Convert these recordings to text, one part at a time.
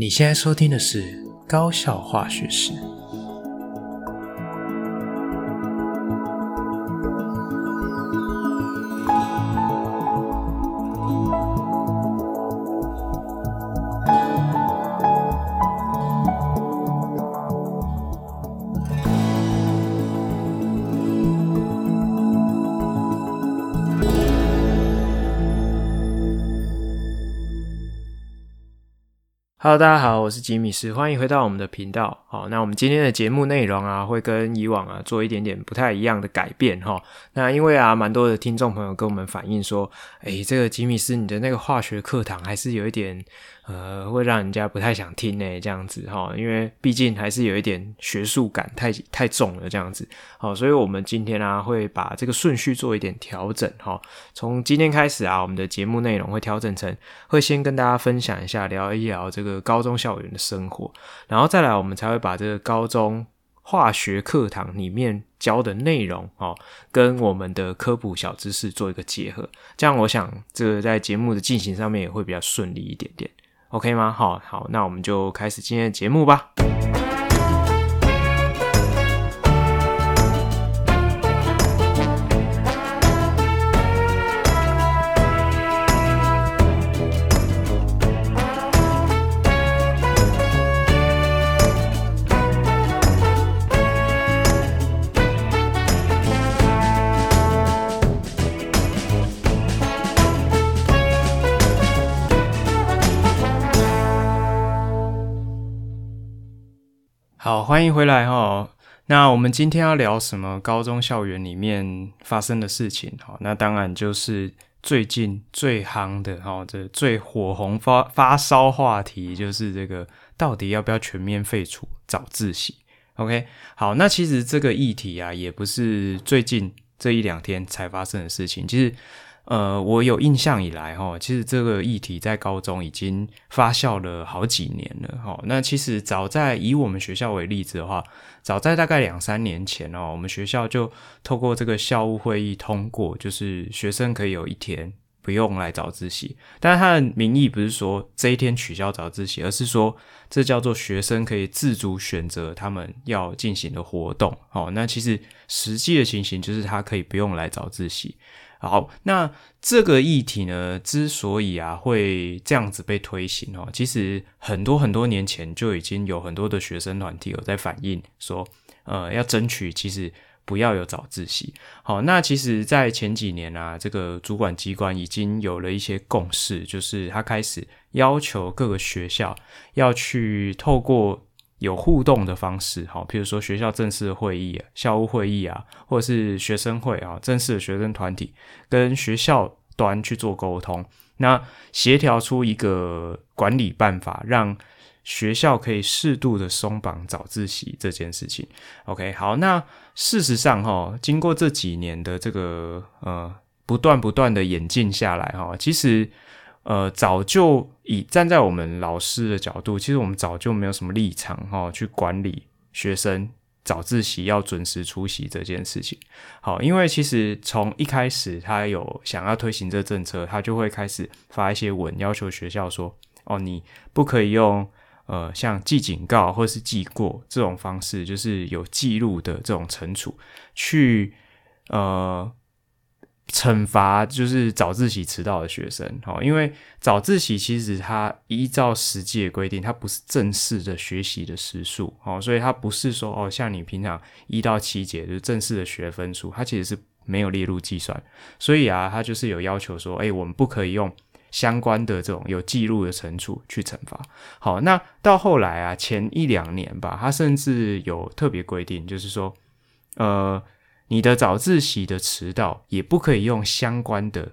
你現在收聽的是《高校化學事》。Hello，大家好，我是吉米師，歡迎回到我們的頻道。好，那我們今天的節目內容啊，會跟以往啊做一點點不太一樣的改變哈。那因為啊，蠻多的聽眾朋友跟我們反映說，誒、欸，這個吉米師你的那個化學課堂還是有一點呃，會讓人家不太想聽呢，這樣子哈。因為畢竟還是有一點學術感太太重了這樣子。好，所以我們今天啊會把這個順序做一點調整哈。從今天開始啊，我們的節目內容會調整成會先跟大家分享一下，聊一聊這個高中校園的生活，然後再來我們才會把。把這個高中化學課堂裡面教的內容哦，跟我們的科普小知識做一個結合，這樣我想這個在節目的進行上面也會比較順利一點點，OK 嗎？好、哦、好，那我們就開始今天的節目吧。好，歡迎回來哈。那我們今天要聊什麼？高中校園裡面發生的事情，好，那當然就是最近最夯的哈，這最火紅發發燒話題，就是這個到底要不要全面廢除早自習？OK，好，那其實這個議題啊，也不是最近這一兩天才發生的事情，其實。呃，我有印象以來，齁，其實這個議題在高中已經發酵了好幾年了，齁。那其實早在以我們學校為例子的話，早在大概兩三年前哦，我們學校就透過這個校務會議通過，就是學生可以有一天不用來早自習。但他的名義不是說這一天取消早自習，而是說這叫做學生可以自主選擇他們要進行的活動。齁，那其實實際的情形就是他可以不用來早自習。好，那這個議題呢，之所以啊會這樣子被推行哦，其實很多很多年前就已經有很多的學生團體有在反映說，呃，要爭取其實不要有早自習。好，那其實，在前幾年啊，這個主管機關已經有了一些共識，就是他開始要求各個學校要去透過。有互動的方式，哈，比如說學校正式會議、校務會議啊，或者是學生會啊，正式的學生團體跟學校端去做溝通，那協調出一個管理辦法，讓學校可以適度的鬆綁早自習這件事情。OK，好，那事實上，哈，經過這幾年的這個呃不斷不斷的演進下來，哈，其實。呃，早就以站在我們老師的角度，其實我們早就沒有什麼立場哈、哦，去管理學生早自習要準時出席這件事情。好，因為其實從一開始他有想要推行這政策，他就會開始發一些文，要求學校說，哦，你不可以用呃，像記警告或是記過這種方式，就是有記錄的這種懲處去，呃。懲罰就是早自習遲到的學生，哦，因為早自習其實它依照實際的規定，它不是正式的學習的時數，哦，所以它不是說哦，像你平常一到七節就是正式的學分數，它其實是沒有列入計算，所以啊，它就是有要求說，哎、欸，我們不可以用相關的這種有記錄的懲處去懲罰。好，那到後來啊，前一兩年吧，它甚至有特別規定，就是說，呃。你的早自習的遲到也不可以用相關的，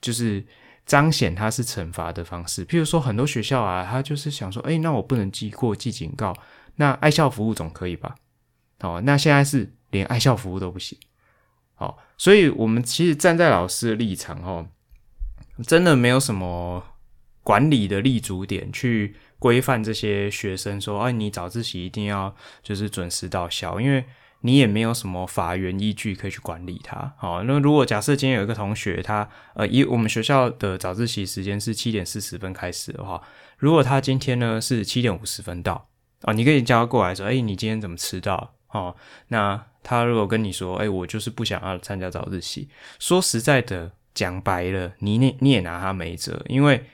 就是彰顯它是懲罰的方式。譬如說，很多學校啊，他就是想說，哎、欸，那我不能記過、記警告，那愛校服務總可以吧？哦，那現在是連愛校服務都不行。哦，所以我們其實站在老師的立場哦，真的沒有什麼管理的立足點去規範這些學生，說，哎、欸，你早自習一定要就是準時到校，因為。你也沒有什麼法源依據可以去管理他。好，那如果假設今天有一個同學他，他呃以我們學校的早自習時間是七點四十分開始的話，如果他今天呢是七點五十分到，哦，你可以叫他過來說，哎、欸，你今天怎麼遲到？哦，那他如果跟你說，哎、欸，我就是不想要參加早自習。說實在的，講白了，你你你也拿他沒轍，因為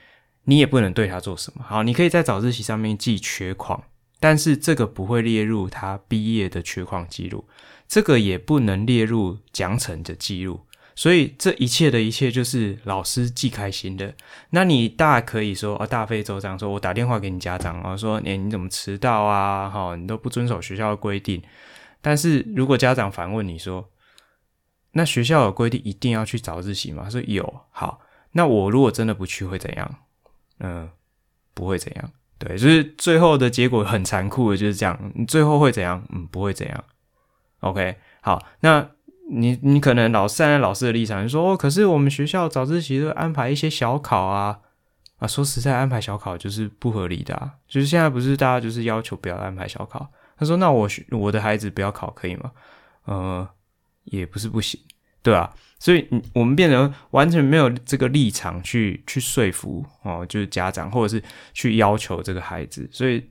你也不能對他做什麼。好，你可以在早自習上面記缺曠。但是這個不會列入他畢業的缺曠記錄，這個也不能列入獎懲的記錄。所以這一切的一切，就是老師既開心的。那你大可以說啊、哦，大費周章，說我打電話給你家長哦，說，哎、欸，你怎麼遲到啊？哈、哦，你都不遵守學校的規定。但是如果家長反問你說，那學校有規定一定要去早自習嗎？說有。好，那我如果真的不去會怎樣？嗯、呃，不會怎樣。對，就是最後的結果很殘酷的，就是這樣。你最後會怎樣？嗯，不會怎樣。OK，好，那你你可能老站在老師的立場就，你說哦，可是我們學校早自習都安排一些小考啊啊，說實在，安排小考就是不合理的啊。就是現在不是大家就是要求不要安排小考，他說那我學我的孩子不要考可以嗎？呃，也不是不行。對啊，所以我們變成完全沒有這個立場去去說服哦，就是家長或者是去要求這個孩子。所以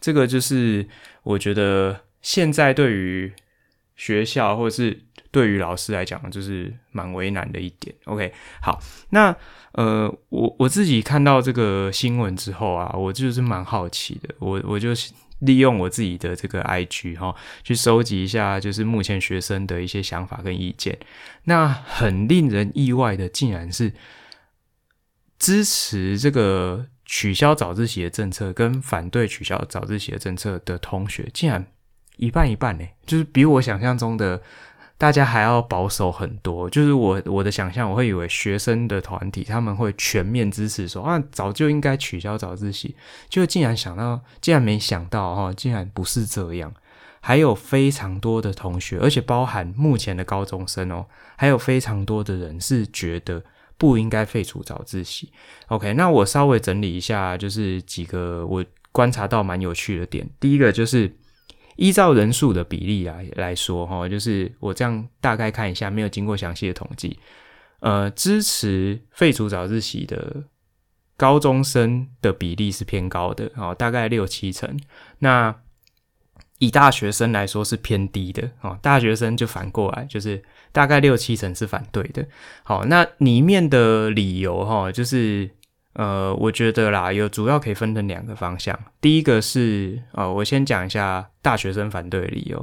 這個就是我覺得現在對於學校或者是對於老師來講，就是蠻為難的一點。OK，好，那呃，我我自己看到這個新聞之後啊，我就是蠻好奇的，我我就。利用我自己的這個 IG 哈、哦，去收集一下就是目前學生的一些想法跟意見。那很令人意外的，竟然是支持這個取消早自習的政策，跟反對取消早自習的政策的同學，竟然一半一半呢，就是比我想象中的，大家還要保守很多，就是我我的想象，我會以為學生的團體他們會全面支持說，說啊，早就應該取消早自習，就竟然想到，竟然沒想到哈，竟然不是這樣，還有非常多的同學，而且包含目前的高中生哦，還有非常多的人是覺得不應該廢除早自習。OK，那我稍微整理一下，就是幾個我觀察到蠻有趣的點，第一個就是。依照人數的比例來來說，哈，就是我這樣大概看一下，沒有經過詳細的統計，呃，支持廢除早自習的高中生的比例是偏高的，啊，大概六七成。那以大學生來說是偏低的，啊，大學生就反過來就是大概六七成是反對的。好，那裡面的理由，哈，就是。呃，我覺得啦，有主要可以分成兩個方向。第一個是，呃、哦，我先講一下大學生反對的理由、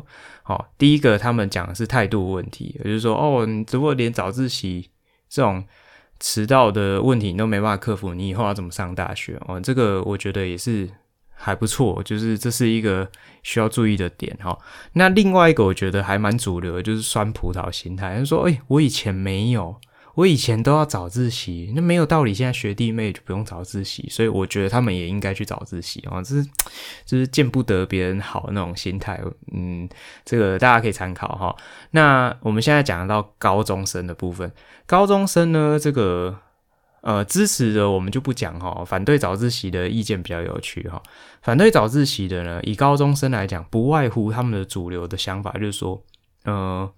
哦。哦，第一個他們講的是態度問題，也就是說，哦，你如果連早自習這種遲到的問題你都沒辦法克服，你以後要怎麼上大學？哦，這個我覺得也是還不錯，就是這是一個需要注意的點哈、哦。那另外一個我覺得還蠻主流的，就是酸葡萄心態，他、就是、說，哎，我以前沒有。我以前都要早自習，那沒有道理。現在學弟妹就不用早自習，所以我覺得他們也應該去早自習啊！這是，這、就是見不得別人好那種心態。嗯，這個大家可以參考哈。那我們現在講到高中生的部分，高中生呢，這個呃支持的我們就不講哈。反對早自習的意見比較有趣哈。反對早自習的呢，以高中生來講，不外乎他們的主流的想法就是說，嗯、呃。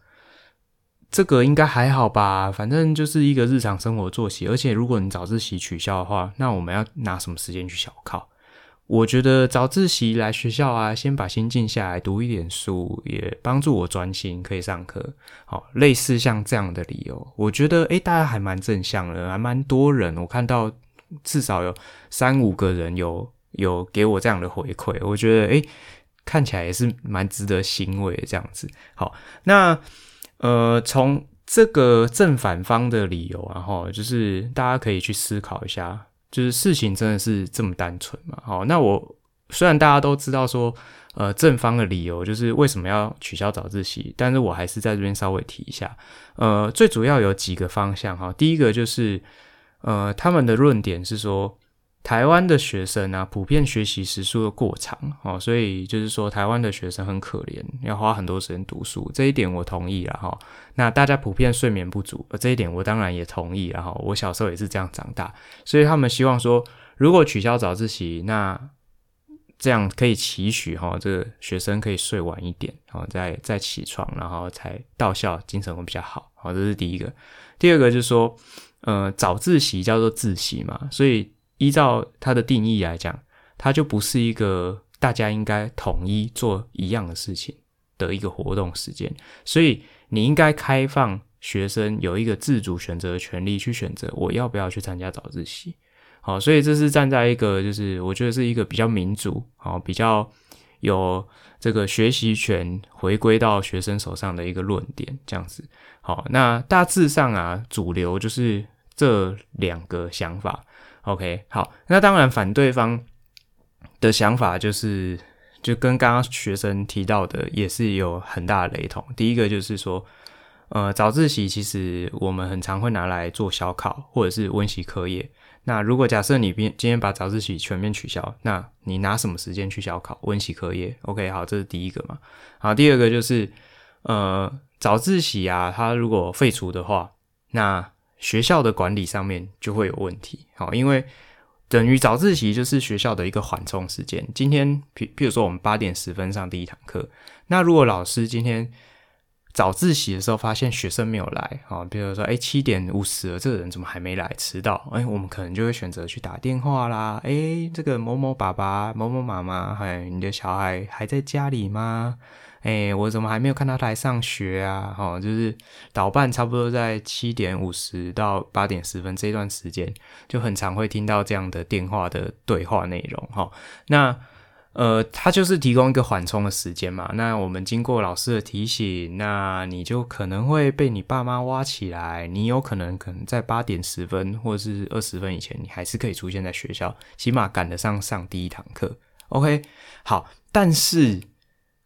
這個應該還好吧，反正就是一個日常生活作息。而且如果你早自習取消的話，那我們要拿什麼時間去小考？我覺得早自習來學校啊，先把心靜下來，讀一點書，也幫助我專心可以上課。好，類似像這樣的理由，我覺得誒，大家還蠻正向的，還蠻多人。我看到至少有三五個人有有給我這樣的回饋，我覺得誒，看起來也是蠻值得欣慰這樣子。好，那。呃，從這個正反方的理由，啊，然後就是大家可以去思考一下，就是事情真的是這麼單純嗎？好，那我雖然大家都知道說，呃，正方的理由就是為什麼要取消早自習，但是我還是在這邊稍微提一下，呃，最主要有幾個方向哈。第一個就是，呃，他們的論點是說。台灣的學生啊，普遍學習時數的過長哦，所以就是說，台灣的學生很可憐，要花很多時間讀書，這一點我同意了哈、哦。那大家普遍睡眠不足，呃、這一點我當然也同意了哈、哦。我小時候也是這樣長大，所以他們希望說，如果取消早自習，那這樣可以期許哈、哦，這個學生可以睡晚一點，然後、哦、再再起床，然後才到校，精神會比較好。好、哦，這是第一個。第二個就是說，呃，早自習叫做自習嘛，所以。依照它的定義來講，它就不是一個大家應該統一做一樣的事情的一個活動時間，所以你應該開放學生有一個自主選擇的權利，去選擇我要不要去參加早自習。好，所以這是站在一個就是我覺得是一個比較民主，好，比較有這個學習權回歸到學生手上的一個論點，這樣子。好，那大致上啊，主流就是這兩個想法。OK，好，那當然，反對方的想法就是，就跟剛剛學生提到的，也是有很大的雷同。第一個就是說，呃，早自習其實我們很常會拿來做小考或者是溫習課業。那如果假設你今今天把早自習全面取消，那你拿什麼時間去小考、溫習課業？OK，好，這是第一個嘛。好，第二個就是，呃，早自習啊，它如果廢除的話，那。學校的管理上面就會有問題，好，因為等於早自習就是學校的一個緩衝時間。今天譬，譬如說我們八點十分上第一堂課，那如果老師今天早自習的時候發現學生沒有來，比如說，欸，七點五十了，這個人怎麼還沒來，遲到？欸，我們可能就會選擇去打電話啦，欸，這個某某爸爸、某某媽媽，哎，你的小孩還在家裡嗎？哎、欸，我怎麼還沒有看到他來上學啊？哈、哦，就是導辦差不多在七點五十到八點十分這段時間，就很常會聽到這樣的電話的對話內容。哈、哦，那呃，他就是提供一個緩衝的時間嘛。那我們經過老師的提醒，那你就可能會被你爸媽挖起來。你有可能可能在八點十分或者是二十分以前，你還是可以出現在學校，起碼趕得上上第一堂課。OK，好，但是。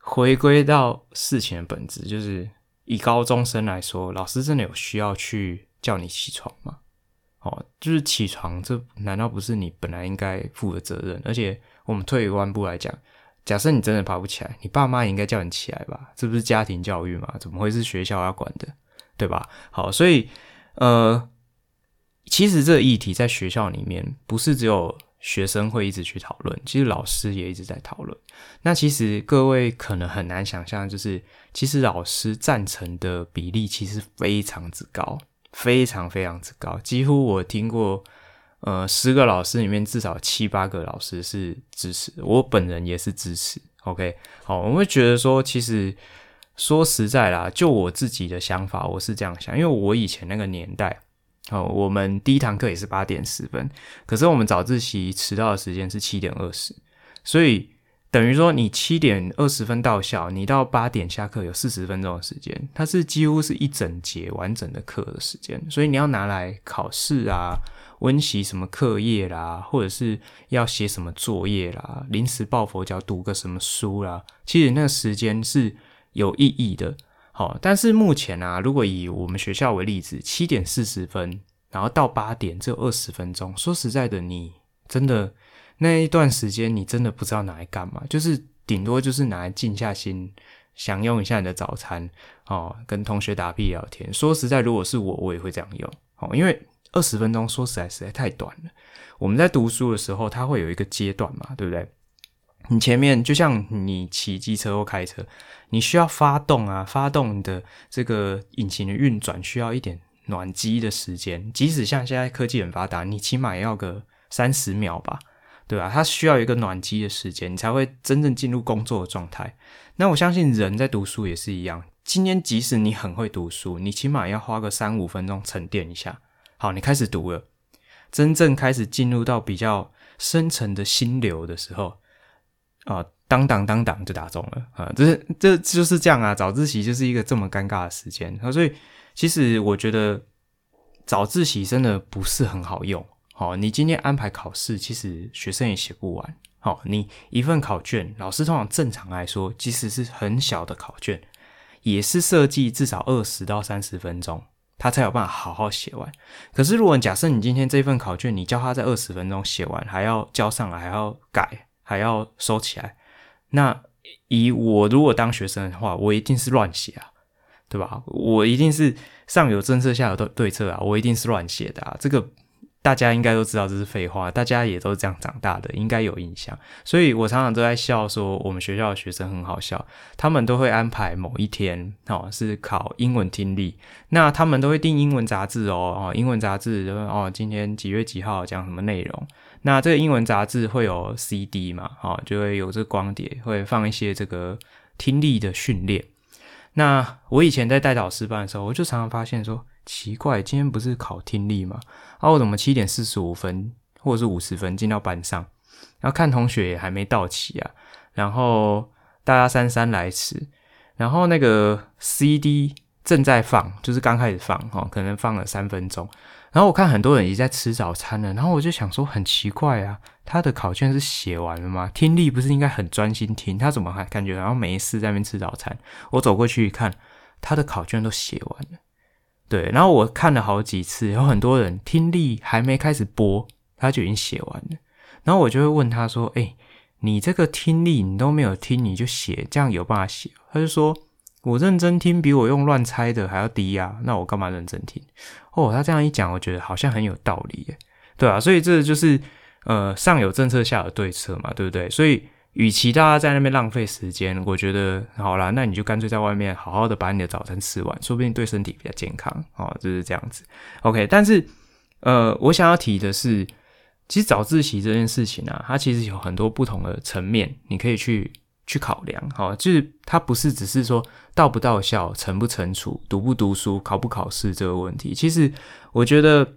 回歸到事情的本質，就是以高中生來說，老師真的有需要去叫你起床嗎？哦，就是起床，這難道不是你本來應該負的責任？而且我們退一萬步來講，假設你真的爬不起來，你爸媽也應該叫你起來吧？這不是家庭教育嗎？怎麼會是學校要管的？對吧？好，所以呃，其實這個議題在學校裡面不是只有。學生會一直去討論，其實老師也一直在討論。那其實各位可能很難想象，就是其實老師贊成的比例其實非常之高，非常非常之高。幾乎我聽過，呃，十個老師裡面至少七八個老師是支持，我本人也是支持。OK，好，我會覺得說，其實說實在啦，就我自己的想法，我是這樣想，因為我以前那個年代。哦，我們第一堂課也是八點十分，可是我們早自習遲到的時間是七點二十，所以等於說你七點二十分到校，你到八點下課有四十分鐘的時間，它是幾乎是一整節完整的課的時間，所以你要拿來考試啊、溫習什麼課業啦，或者是要寫什麼作業啦、臨時抱佛腳讀個什麼書啦，其實那個時間是有意義的。好，但是目前啊，如果以我們學校為例子，七點四十分，然後到八點，只有二十分鐘。說實在的，你真的那一段時間，你真的不知道拿來幹嘛，就是頂多就是拿來靜下心享用一下你的早餐哦，跟同學打屁聊天。說實在，如果是我，我也會這樣用。好，哦，因為二十分鐘說實在實在太短了。我們在讀書的時候，它會有一個階段嘛，對不對？你前面就像你騎機車或開車。你需要發動啊，發動的這個引擎的運轉需要一點暖機的時間，即使像現在科技很發達，你起碼也要個三十秒吧，對吧、啊？它需要一個暖機的時間，你才會真正進入工作的狀態。那我相信人在讀書也是一樣，今天即使你很會讀書，你起碼要花個三五分鐘沉澱一下，好，你開始讀了，真正開始進入到比較深層的心流的時候啊。噹噹噹噹就打中了啊、嗯！這是這就是這樣啊！早自習就是一個這麼尷尬的時間，所以其實我覺得早自習真的不是很好用。哦，你今天安排考試，其實學生也寫不完。哦，你一份考卷，老師通常正常來說，即使是很小的考卷，也是設計至少二十到三十分鐘，他才有辦法好好寫完。可是，如果你假設你今天這份考卷，你教他在二十分鐘寫完，還要交上來，還要改，還要收起來。那以我如果當學生的話，我一定是亂寫啊，對吧？我一定是上有政策下有對策啊，我一定是亂寫的啊。這個大家應該都知道，這是廢話，大家也都是這樣長大的，應該有印象。所以我常常都在笑說，我們學校的學生很好笑，他們都會安排某一天哦，是考英文聽力，那他們都會訂英文雜誌哦，哦，英文雜誌哦，今天幾月幾號講什麼內容。那這個英文雜誌會有 CD 嘛？哦，就會有這個光碟，會放一些這個聽力的訓練。那我以前在帶導師班的時候，我就常常發現說，奇怪，今天不是考聽力嗎？啊，我怎麼七點四十五分或者是五十分進到班上，然後看同學也還沒到齊啊，然後大家姍姍來遲，然後那個 CD 正在放，就是剛開始放，哦，可能放了三分鐘。然後我看很多人已經在吃早餐了，然後我就想說很奇怪啊，他的考卷是寫完了嗎？聽力不是應該很專心聽，他怎麼還感覺然後沒事在那邊吃早餐？我走過去一看，他的考卷都寫完了，對。然後我看了好幾次，有很多人聽力還沒開始播，他就已經寫完了。然後我就會問他說：“誒，你這個聽力你都沒有聽，你就寫，這樣有辦法寫？”他就說。我認真聽，比我用亂猜的還要低啊！那我幹嘛認真聽？哦，他這樣一講，我覺得好像很有道理耶，對啊，所以這就是呃，上有政策，下有對策嘛，對不對？所以，與其大家在那邊浪費時間，我覺得好啦。那你就乾脆在外面好好的把你的早餐吃完，說不定對身體比較健康哦。就是這樣子。OK，但是呃，我想要提的是，其實早自習這件事情啊，它其實有很多不同的層面，你可以去。去考量，哈，就是它不是只是說到不到校、成不成熟、讀不讀書、考不考試這個問題。其實我覺得，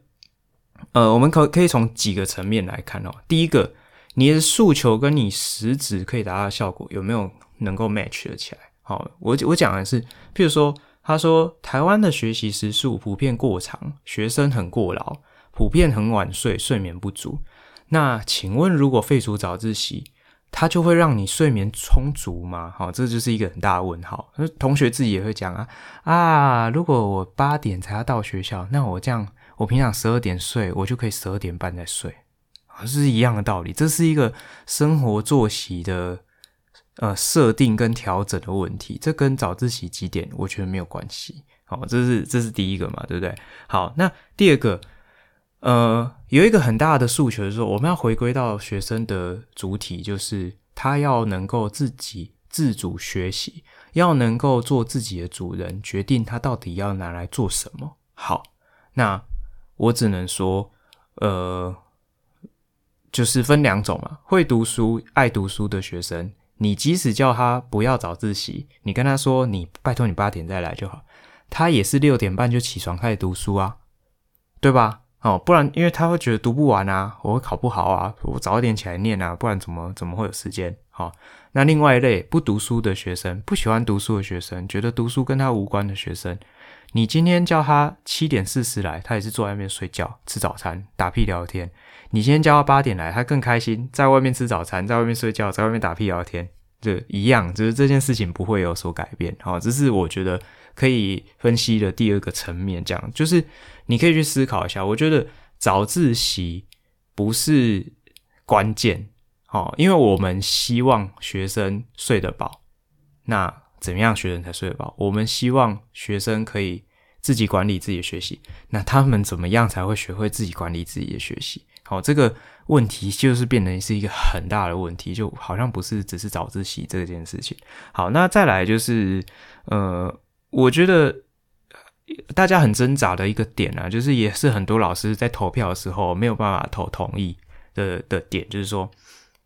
呃，我們可可以從幾個層面來看哦。第一個，你的訴求跟你實質可以達到的效果有沒有能夠 match 得起來？好，我我講的是，譬如說，他說台灣的學習時數普遍過長，學生很過勞，普遍很晚睡，睡眠不足。那請問，如果廢除早自習？他就會讓你睡眠充足嗎？好、哦，這就是一個很大的問號。同學自己也會講啊啊，如果我八點才要到學校，那我這樣，我平常十二點睡，我就可以十二點半再睡，哦，就是一樣的道理。這是一個生活作息的呃設定跟調整的問題，這跟早自習幾點，我覺得沒有關係。好、哦，這是這是第一個嘛，對不對？好，那第二個。呃，有一個很大的訴求是說，我們要回歸到學生的主體，就是他要能夠自己自主學習，要能夠做自己的主人，決定他到底要拿來做什麼。好，那我只能說，呃，就是分兩種嘛，會讀書、愛讀書的學生，你即使叫他不要早自習，你跟他說你拜託你八點再來就好，他也是六點半就起床開始讀書啊，對吧？哦，不然，因為他會覺得讀不完啊，我會考不好啊，我早點起來念啊，不然怎麼怎麼會有時間？哈、哦，那另外一類不讀書的學生，不喜歡讀書的學生，覺得讀書跟他無關的學生，你今天叫他七點四十來，他也是坐在外面睡覺、吃早餐、打屁聊天；你今天叫他八點來，他更開心，在外面吃早餐，在外面睡覺，在外面打屁聊天。對一樣，就是這件事情不會有所改變。好，這是我覺得可以分析的第二個層面。這樣就是你可以去思考一下。我覺得早自習不是關鍵，好，因為我們希望學生睡得飽。那怎麼樣學生才睡得飽？我們希望學生可以自己管理自己的學習。那他們怎麼樣才會學會自己管理自己的學習？好，這個。問題就是變成是一個很大的問題，就好像不是只是早自習這件事情。好，那再來就是，呃，我覺得大家很掙扎的一個點啊，就是也是很多老師在投票的時候沒有辦法投同意的的點，就是說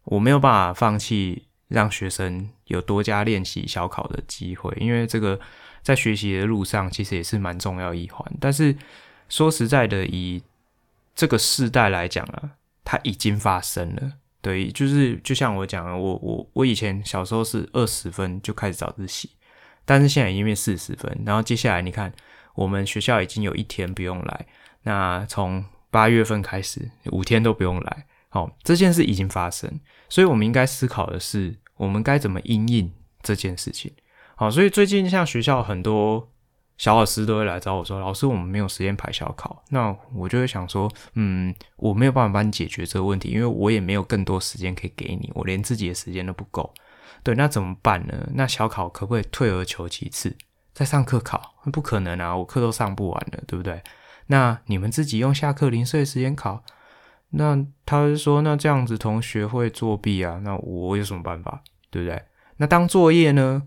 我沒有辦法放棄讓學生有多加練習小考的機會，因為這個在學習的路上其實也是蠻重要一環。但是說實在的，以這個世代來講啊。它已經發生了，對，就是就像我講的，我我我以前小時候是二十分就開始早自習，但是現在已經四十分，然後接下來你看，我們學校已經有一天不用來，那從八月份開始五天都不用來，哦，這件事已經發生，所以我們應該思考的是，我們該怎麼因應這件事情。好，哦，所以最近像學校很多。小老師都會來找我說：“老師，我們沒有時間排小考。”那我就會想說：“嗯，我沒有辦法幫你解決這個問題，因為我也沒有更多時間可以給你，我連自己的時間都不夠。”對，那怎麼辦呢？那小考可不可以退而求其次，再上課考？那不可能啊，我課都上不完了，對不對？那你們自己用下課零碎時間考？那他就說：“那這樣子，同學會作弊啊。”那我有什麼辦法？對不對？那當作業呢？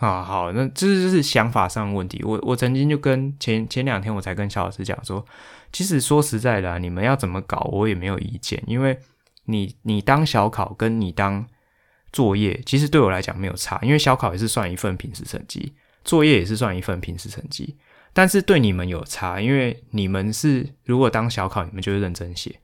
啊，好，那這是就是想法上的問題。我我曾經就跟前前兩天我才跟小老師講說，其實說實在的啊，你們要怎麼搞，我也沒有意見。因為你你當小考跟你當作業，其實對我來講沒有差，因為小考也是算一份平時成績，作業也是算一份平時成績。但是對你們有差，因為你們是如果當小考，你們就會認真寫。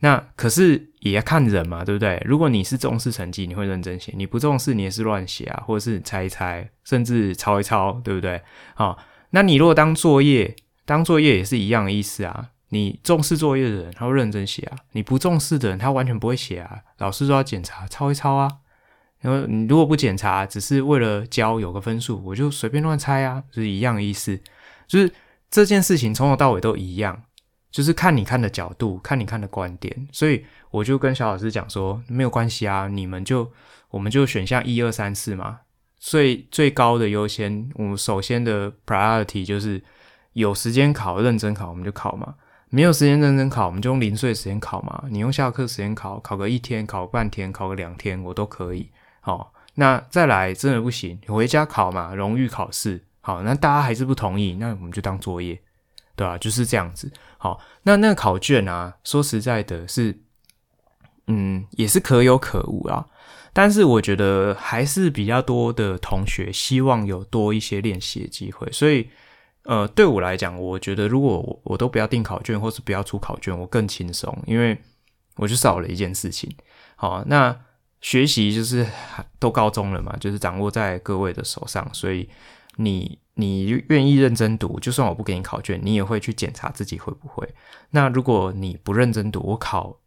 那可是也要看人嘛，對不對？如果你是重視成績，你會認真寫；你不重視，你也是亂寫啊，或者是你猜一猜，甚至抄一抄，對不對？好，那你如果當作業，當作業也是一樣的意思啊。你重視作業的人，他會認真寫啊；你不重視的人，他完全不會寫啊。老師都要檢查，抄一抄啊。然後你如果不檢查，只是為了交有個分數，我就隨便亂猜啊，就是一樣的意思。就是這件事情從頭到尾都一樣。就是看你看的角度，看你看的觀點，所以我就跟小老師講說，沒有關係啊，你們就我們就選項一二三四嘛，所以最高的優先，我們首先的 priority 就是有時間考，認真考，我們就考嘛。沒有時間認真考，我們就用零碎時間考嘛。你用下課時間考，考個一天，考個半天，考個兩天，我都可以。好，那再來真的不行，回家考嘛，榮譽考試。好，那大家還是不同意，那我們就當作業，對吧、啊？就是這樣子。好，那那考卷啊，說實在的，是，嗯，也是可有可無啊。但是我覺得還是比較多的同學希望有多一些練習的機會。所以，呃，對我來講，我覺得如果我我都不要訂考卷，或是不要出考卷，我更輕鬆，因為我就少了一件事情。好，那學習就是都高中了嘛，就是掌握在各位的手上，所以你。你願意認真讀，就算我不給你考卷，你也會去檢查自己會不會。那如果你不認真讀，我考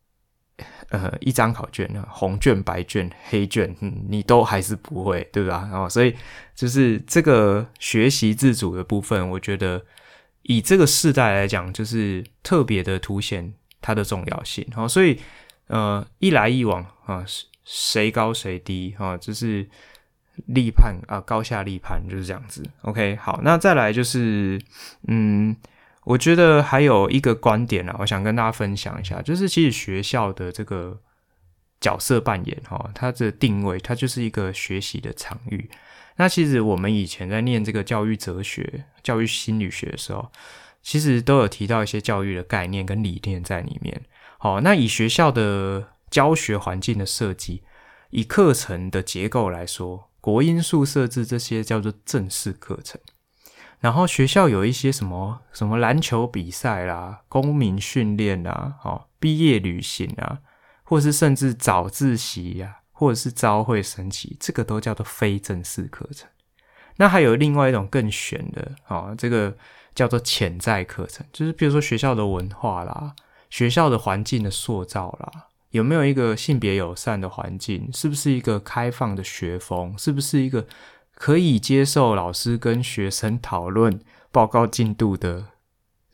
呃一張考卷，紅卷、白卷、黑卷，你都還是不會，對吧？哦，所以就是這個學習自主的部分，我覺得以這個世代來講，就是特別的凸顯它的重要性。哦，所以呃一來一往啊，誰、哦、高誰低啊、哦，就是。立判啊，高下立判就是這樣子。OK，好，那再來就是，嗯，我覺得還有一個觀點啊，我想跟大家分享一下，就是其實學校的這個角色扮演哈、哦，它的定位，它就是一個學習的場域。那其實我們以前在念這個教育哲學、教育心理學的時候，其實都有提到一些教育的概念跟理念在裡面。好、哦，那以學校的教學環境的設計，以課程的結構來說。國音數設置這些叫做正式課程，然後學校有一些什麼什麼籃球比賽啦、公民訓練啦、好、哦、畢業旅行啊，或者是甚至早自習呀、啊，或者是朝會升旗，這個都叫做非正式課程。那還有另外一種更玄的啊、哦，這個叫做潛在課程，就是比如說學校的文化啦、學校的環境的塑造啦。有沒有一個性別友善的環境？是不是一個開放的學風？是不是一個可以接受老師跟學生討論報告進度的，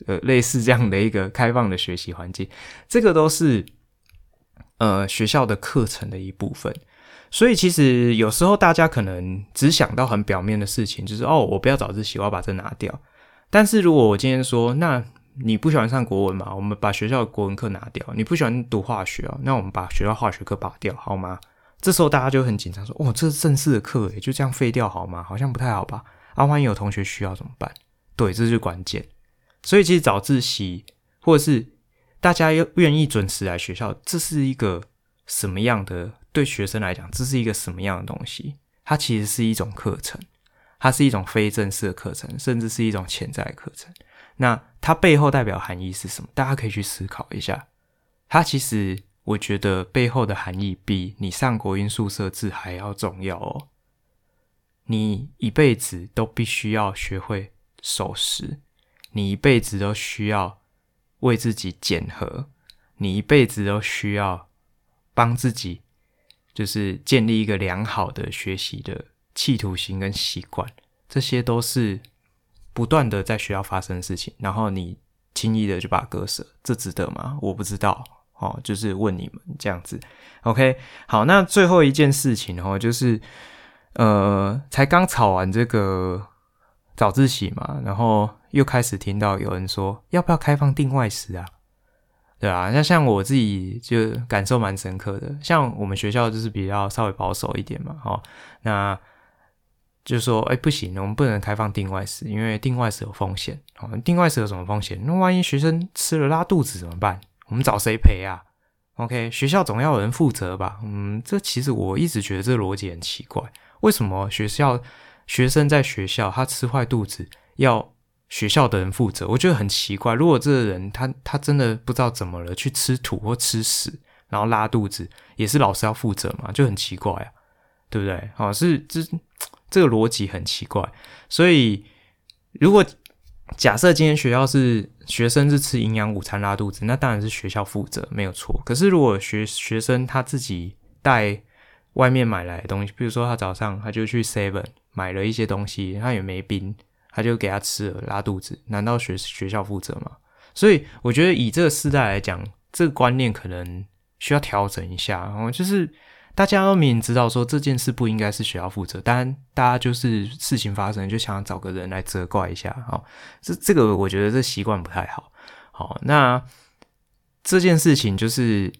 呃，類似這樣的一個開放的學習環境？這個都是呃學校的課程的一部分。所以其實有時候大家可能只想到很表面的事情，就是哦，我不要早自習，我要把這拿掉。但是如果我今天說那，你不喜歡上國文嘛？我們把學校的國文課拿掉。你不喜歡讀化學哦？那我們把學校化學課拔掉，好嗎？這時候大家就很緊張，說：“哦，這是正式的課誒，就這樣廢掉好嗎？好像不太好吧？啊，萬一有同學需要怎麼辦？”對，這是關鍵。所以其實早自習，或者是大家願意準時來學校，這是一個什麼樣的？對學生來講，這是一個什麼樣的東西？它其實是一種課程，它是一種非正式的課程，甚至是一種潛在的課程。那它背後代表含義是什麼？大家可以去思考一下。它其實，我覺得背後的含義比你上國音宿舍制還要重要哦。你一輩子都必須要學會守時，你一輩子都需要為自己檢核，你一輩子都需要幫自己，就是建立一個良好的學習的企圖心跟習慣，這些都是。不斷的在學校發生的事情，然後你輕易的就把它割舍，這值得嗎？我不知道，哦，就是問你們這樣子。OK，好，那最後一件事情哦，就是呃，才剛吵完這個早自習嘛，然後又開始聽到有人說，要不要開放訂外食啊？對啊，那像我自己就感受蠻深刻的，像我們學校就是比較稍微保守一點嘛，哈、哦，那。就說，哎、欸，不行，我們不能開放訂外食，因為訂外食有風險。好、哦，訂外食有什麼風險？那萬一學生吃了拉肚子怎麼辦？我們找誰賠啊？OK，學校總要有人負責吧？嗯，這其實我一直覺得這邏輯很奇怪。為什麼學校學生在學校他吃壞肚子要學校的人負責？我覺得很奇怪。如果這個人他他真的不知道怎麼了去吃土或吃屎，然後拉肚子，也是老師要負責嘛？就很奇怪啊，對不對？啊、哦，是這。是這個邏輯很奇怪，所以如果假設今天學校是學生是吃營養午餐拉肚子，那當然是學校負責，沒有錯。可是如果學學生他自己帶外面買來的東西，比如說他早上他就去 Seven 買了一些東西，他也沒冰，他就給他吃了拉肚子，難道學學校負責嗎？所以我覺得以這個時代來講，這個觀念可能需要調整一下，然後，哦，就是。大家都明知道說，這件事不應該是學校負責，但大家就是事情發生就想要找個人來責怪一下啊，這這個我覺得這習慣不太好。好，那這件事情就是。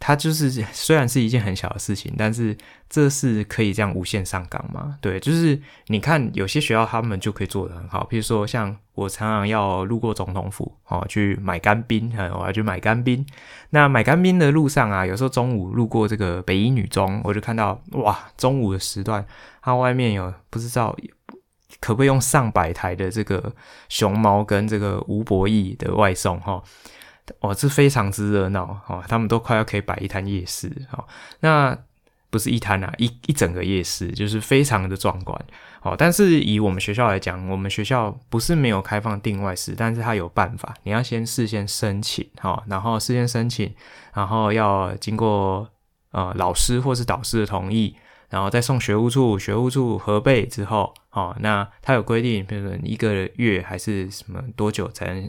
他就是雖然是一件很小的事情，但是這是可以這樣無限上綱嗎？對，就是你看有些學校他們就可以做得很好，譬如說像我常常要路過總統府，哦，去買乾冰，啊、嗯，我要去買乾冰。那買乾冰的路上啊，有時候中午路過這個北一女中，我就看到，哇，中午的時段，它外面有不知道可不可以用上百台的這個熊貓跟這個 Uber Eats 的外送，哈、哦。哦，這非常之熱鬧哦！他們都快要可以擺一攤夜市哦。那不是一攤啊，一一整個夜市，就是非常的壯觀哦。但是以我們學校來講，我們學校不是沒有開放訂外食，但是它有辦法，你要先事先申請哈、哦，然後事先申請，然後要經過啊、呃、老師或是導師的同意，然後再送學務處，學務處核備之後哦。那它有規定，比如說一個月還是什麼多久才能，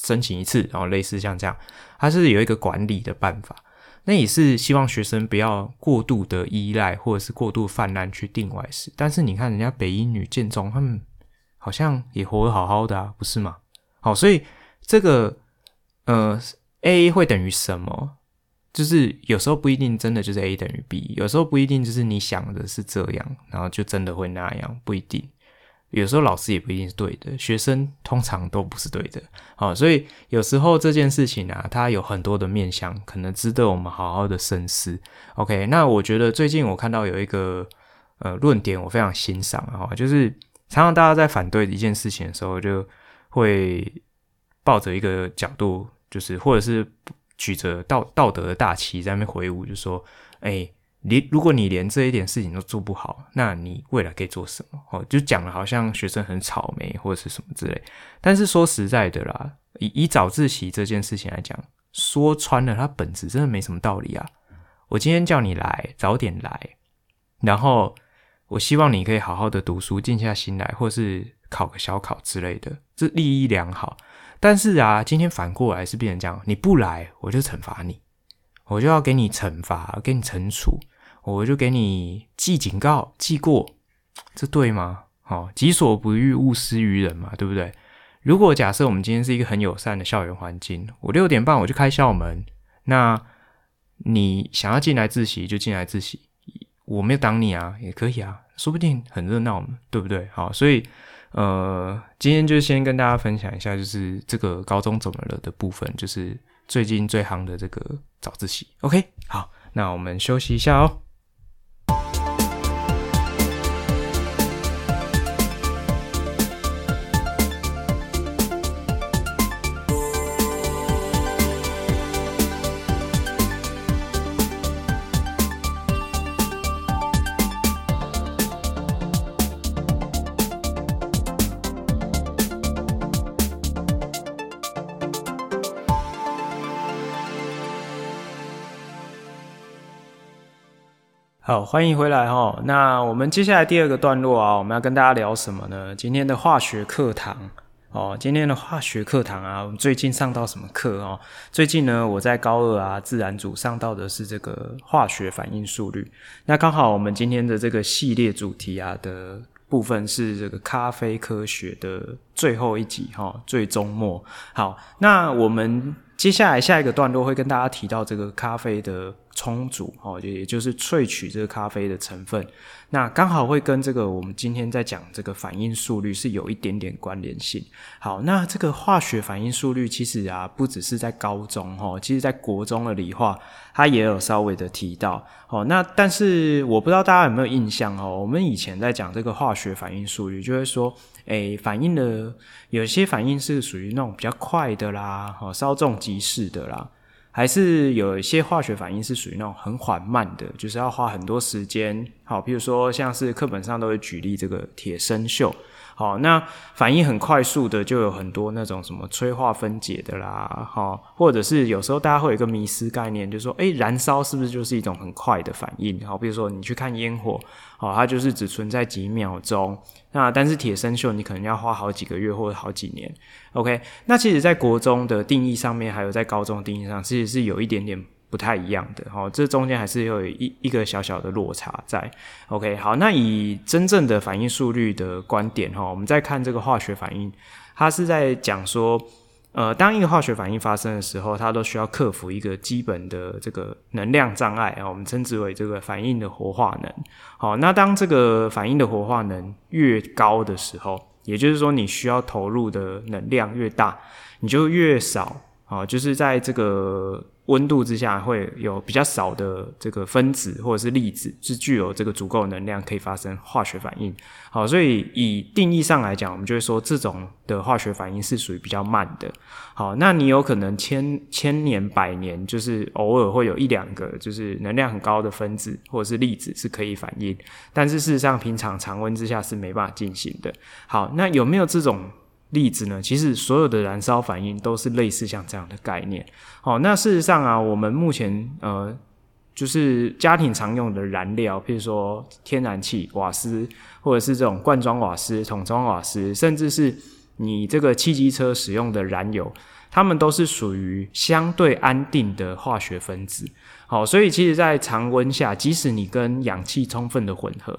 申請一次，然後類似像這樣，它是有一個管理的辦法，那也是希望學生不要過度的依賴或者是過度泛濫去訂外食，但是你看人家北一女建中，他們好像也活得好好的啊，不是嗎？好，所以這個呃，A 會等於什麼？就是有時候不一定真的就是 A 等於 B，有時候不一定就是你想的是這樣，然後就真的會那樣，不一定。有時候老師也不一定是對的，學生通常都不是對的，好、哦，所以有時候這件事情啊，它有很多的面向，可能值得我們好好的深思。OK，那我覺得最近我看到有一個呃論點，我非常欣賞啊、哦，就是常常大家在反對一件事情的時候，就會抱着一個角度，就是或者是舉着道道德的大旗在那邊揮舞，就說，哎、欸。你如果你連這一點事情都做不好，那你未來可以做什麼？哦，就講得好像學生很草莓或者是什麼之類。但是說實在的啦，以以早自習這件事情來講，說穿了它本質真的沒什麼道理啊。我今天叫你來，早點來，然後我希望你可以好好的讀書，靜下心來，或是考個小考之類的，這立意良好。但是啊，今天反過來是變成這樣，你不來我就懲罰你，我就要給你懲罰，給你懲處。我就給你記警告、記過，這對嗎？好、哦，己所不欲，勿施於人嘛，對不對？如果假設我們今天是一個很友善的校園環境，我六點半我就開校門，那你想要進來自習就進來自習，我沒有擋你啊，也可以啊，說不定很熱鬧嘛，對不對？好、哦，所以呃，今天就先跟大家分享一下，就是這個高中怎麼了的部分，就是最近最夯的這個早自習。OK，好，那我們休息一下哦。好，歡迎回來哈。那我們接下來第二個段落啊，我們要跟大家聊什麼呢？今天的化學課堂哦，今天的化學課堂啊，我們最近上到什麼課哦？最近呢，我在高二啊，自然組上到的是這個化學反應速率。那剛好我們今天的這個系列主題啊的部分是這個咖啡科學的最後一集哈，哦，最終末。好，那我們接下來下一個段落會跟大家提到這個咖啡的。充足哦，也就是萃取這個咖啡的成分，那剛好會跟這個我們今天在講這個反應速率是有一點點關聯性。好，那這個化學反應速率其實啊，不只是在高中哈，其實在國中的理化它也有稍微的提到哦。那但是我不知道大家有沒有印象哦，我們以前在講這個化學反應速率，就會說，哎、欸，反應的有些反應是屬於那種比較快的啦，哦，稍縱即逝的啦。還是有一些化學反應是屬於那種很緩慢的，就是要花很多時間。好，比如說像是課本上都會舉例這個鐵生鏽。好，那反應很快速的，就有很多那種什麼催化分解的啦，哈，或者是有時候大家會有一個迷思概念，就是說，哎、欸，燃燒是不是就是一種很快的反應？好，比如說你去看煙火，好，它就是只存在幾秒鐘，那但是鐵生鏽，你可能要花好幾個月或者好幾年。OK，那其實在國中的定義上面，還有在高中的定義上，其實是有一點點。不太一樣的哈、哦，這中間還是有一一,一個小小的落差在。OK，好，那以真正的反應速率的觀點哈、哦，我們再看這個化學反應，它是在講說，呃，當一個化學反應發生的時候，它都需要克服一個基本的這個能量障礙啊、哦，我們稱之為這個反應的活化能。好、哦，那當這個反應的活化能越高的時候，也就是說你需要投入的能量越大，你就越少。好，就是在這個溫度之下，會有比較少的這個分子或者是粒子是具有這個足夠能量可以發生化學反應。好，所以以定義上來講，我們就會說這種的化學反應是屬於比較慢的。好，那你有可能千千年、百年，就是偶爾會有一兩個，就是能量很高的分子或者是粒子是可以反應，但是事實上平常常溫之下是沒辦法進行的。好，那有沒有這種？例子呢，其實所有的燃燒反應都是類似像這樣的概念。好，那事實上啊，我們目前呃，就是家庭常用的燃料，譬如說天然氣、瓦斯，或者是這種罐裝瓦斯、桶裝瓦斯，甚至是你這個汽機車使用的燃油，它們都是屬於相對安定的化學分子。好，所以其實在常溫下，即使你跟氧氣充分的混合，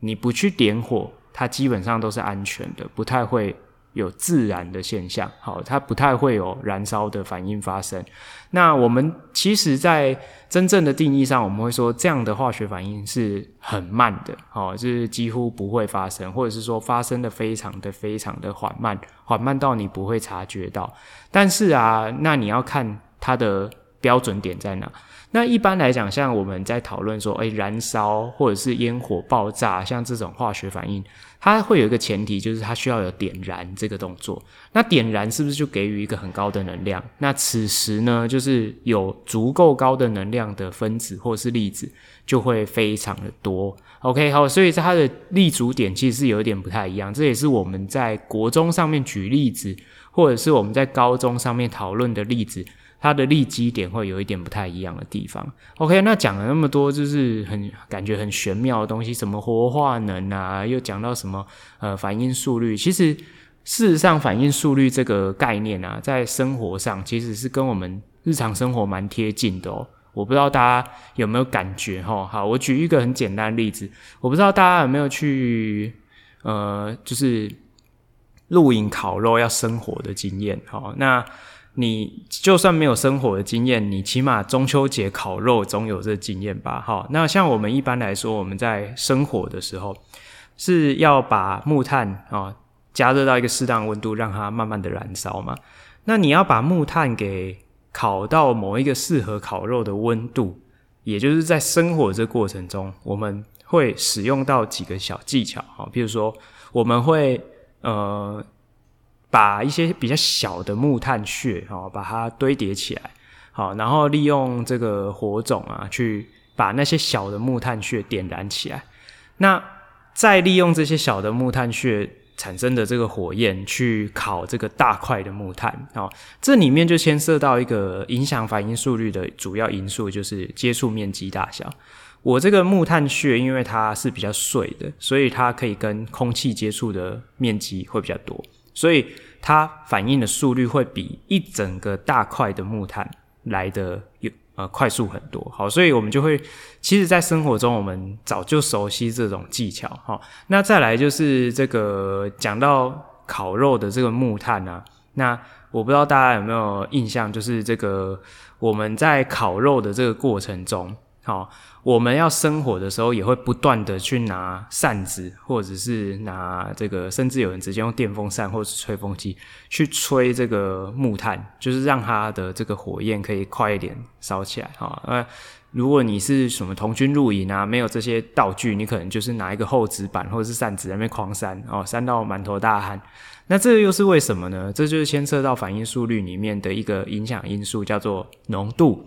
你不去點火，它基本上都是安全的，不太會。有自燃的現象，好，它不太會有燃燒的反應發生。那我們其實在真正的定義上，我們會說這樣的化學反應是很慢的，好，是幾乎不會發生，或者是說發生得非常的非常的緩慢，緩慢到你不會察覺到。但是啊，那你要看它的。標準點在哪？那一般來講，像我們在討論說，誒，燃燒或者是煙火爆炸，像這種化學反應，它會有一個前提，就是它需要有點燃這個動作。那點燃是不是就給予一個很高的能量？那此時呢，就是有足夠高的能量的分子或者是粒子就會非常的多。OK，好，所以它的立足點其實是有點不太一樣。這也是我們在國中上面舉例子，或者是我們在高中上面討論的例子。它的立基點會有一點不太一樣的地方。OK，那講了那麼多，就是很感覺很玄妙的東西，什麼活化能啊，又講到什麼呃反應速率。其實事實上，反應速率這個概念啊，在生活上其實是跟我們日常生活蠻貼近的哦。我不知道大家有沒有感覺哈？好，我舉一個很簡單的例子，我不知道大家有沒有去呃，就是露營烤肉要生火的經驗。好，那。你就算沒有生火的經驗，你起碼中秋節烤肉總有這經驗吧、哦？那像我們一般來說，我們在生火的時候是要把木炭、哦、加熱到一個適當溫度，讓它慢慢的燃燒嘛。那你要把木炭給烤到某一個適合烤肉的溫度，也就是在生火這過程中，我們會使用到幾個小技巧啊，哦、比如說我們會呃。把一些比較小的木炭屑，哦，把它堆疊起來，好，然後利用這個火種啊，去把那些小的木炭屑點燃起來。那再利用這些小的木炭屑產生的這個火焰，去烤這個大塊的木炭，哦，這裡面就牽涉到一個影響反應速率的主要因素，就是接觸面積大小。我這個木炭屑因為它是比較碎的，所以它可以跟空氣接觸的面積會比較多。所以它反應的速率會比一整個大塊的木炭來得有呃，快速很多。好，所以我們就會，其實在生活中我們早就熟悉這種技巧。好，那再來就是這個講到烤肉的這個木炭呢、啊，那我不知道大家有沒有印象，就是這個我們在烤肉的這個過程中，我們要生火的時候，也會不斷的去拿扇子，或者是拿這個，甚至有人直接用電風扇或者吹風機去吹這個木炭，就是讓它的這個火焰可以快一點燒起來啊。那、哦呃、如果你是什麼童軍露營啊，沒有這些道具，你可能就是拿一個厚紙板或者是扇子，在那邊狂扇哦，扇到滿頭大汗。那這個又是為什麼呢？這就是牽涉到反應速率裡面的一個影響因素，叫做濃度。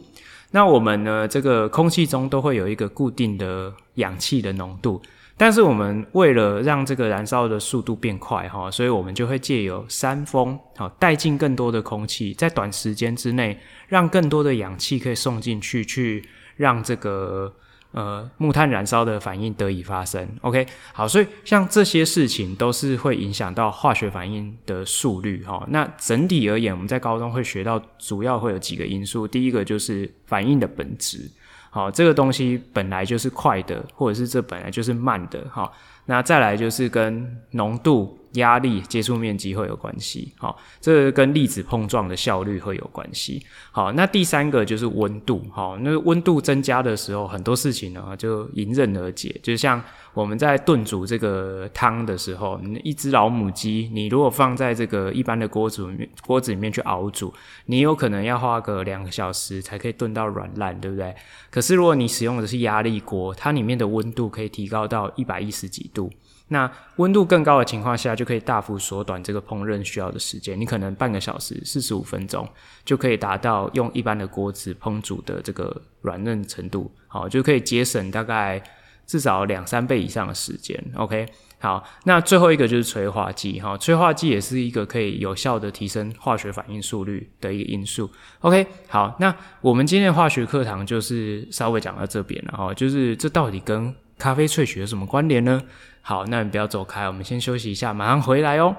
那我們呢，這個空氣中都會有一個固定的氧氣的濃度，但是我們為了讓這個燃燒的速度變快哈，所以我們就會借由扇風，好帶進更多的空氣，在短時間之內讓更多的氧氣可以送進去，去讓這個。呃，木炭燃燒的反應得以發生。OK，好，所以像這些事情都是會影響到化學反應的速率。哈、哦，那整體而言，我們在高中會學到主要會有幾個因素。第一個就是反應的本質，好、哦，這個東西本來就是快的，或者是這本來就是慢的。哈、哦，那再來就是跟濃度。壓力接觸面積會有關係，好，這個，跟粒子碰撞的效率會有關係。好，那第三個就是溫度，好，那溫、個、度增加的時候，很多事情呢、啊、就迎刃而解。就像我們在燉煮這個湯的時候，你一只老母雞，你如果放在這個一般的鍋子裡面，鍋子裡面去熬煮，你有可能要花個兩個小時才可以燉到軟爛，對不對？可是如果你使用的是壓力鍋，它裡面的溫度可以提高到一百一十幾度。那溫度更高的情況下，就可以大幅縮短這個烹飪需要的時間。你可能半個小時、四十五分鐘就可以達到用一般的鍋子烹煮的這個軟嫩程度，好，就可以節省大概至少兩三倍以上的時間。OK，好，那最後一個就是催化劑哈，催化劑也是一個可以有效的提升化學反應速率的一個因素。OK，好，那我們今天的化學課堂就是稍微講到這邊了，哈，就是這到底跟咖啡萃取有什麼關聯呢？好，那你不要走開，我們先休息一下，馬上回來哦。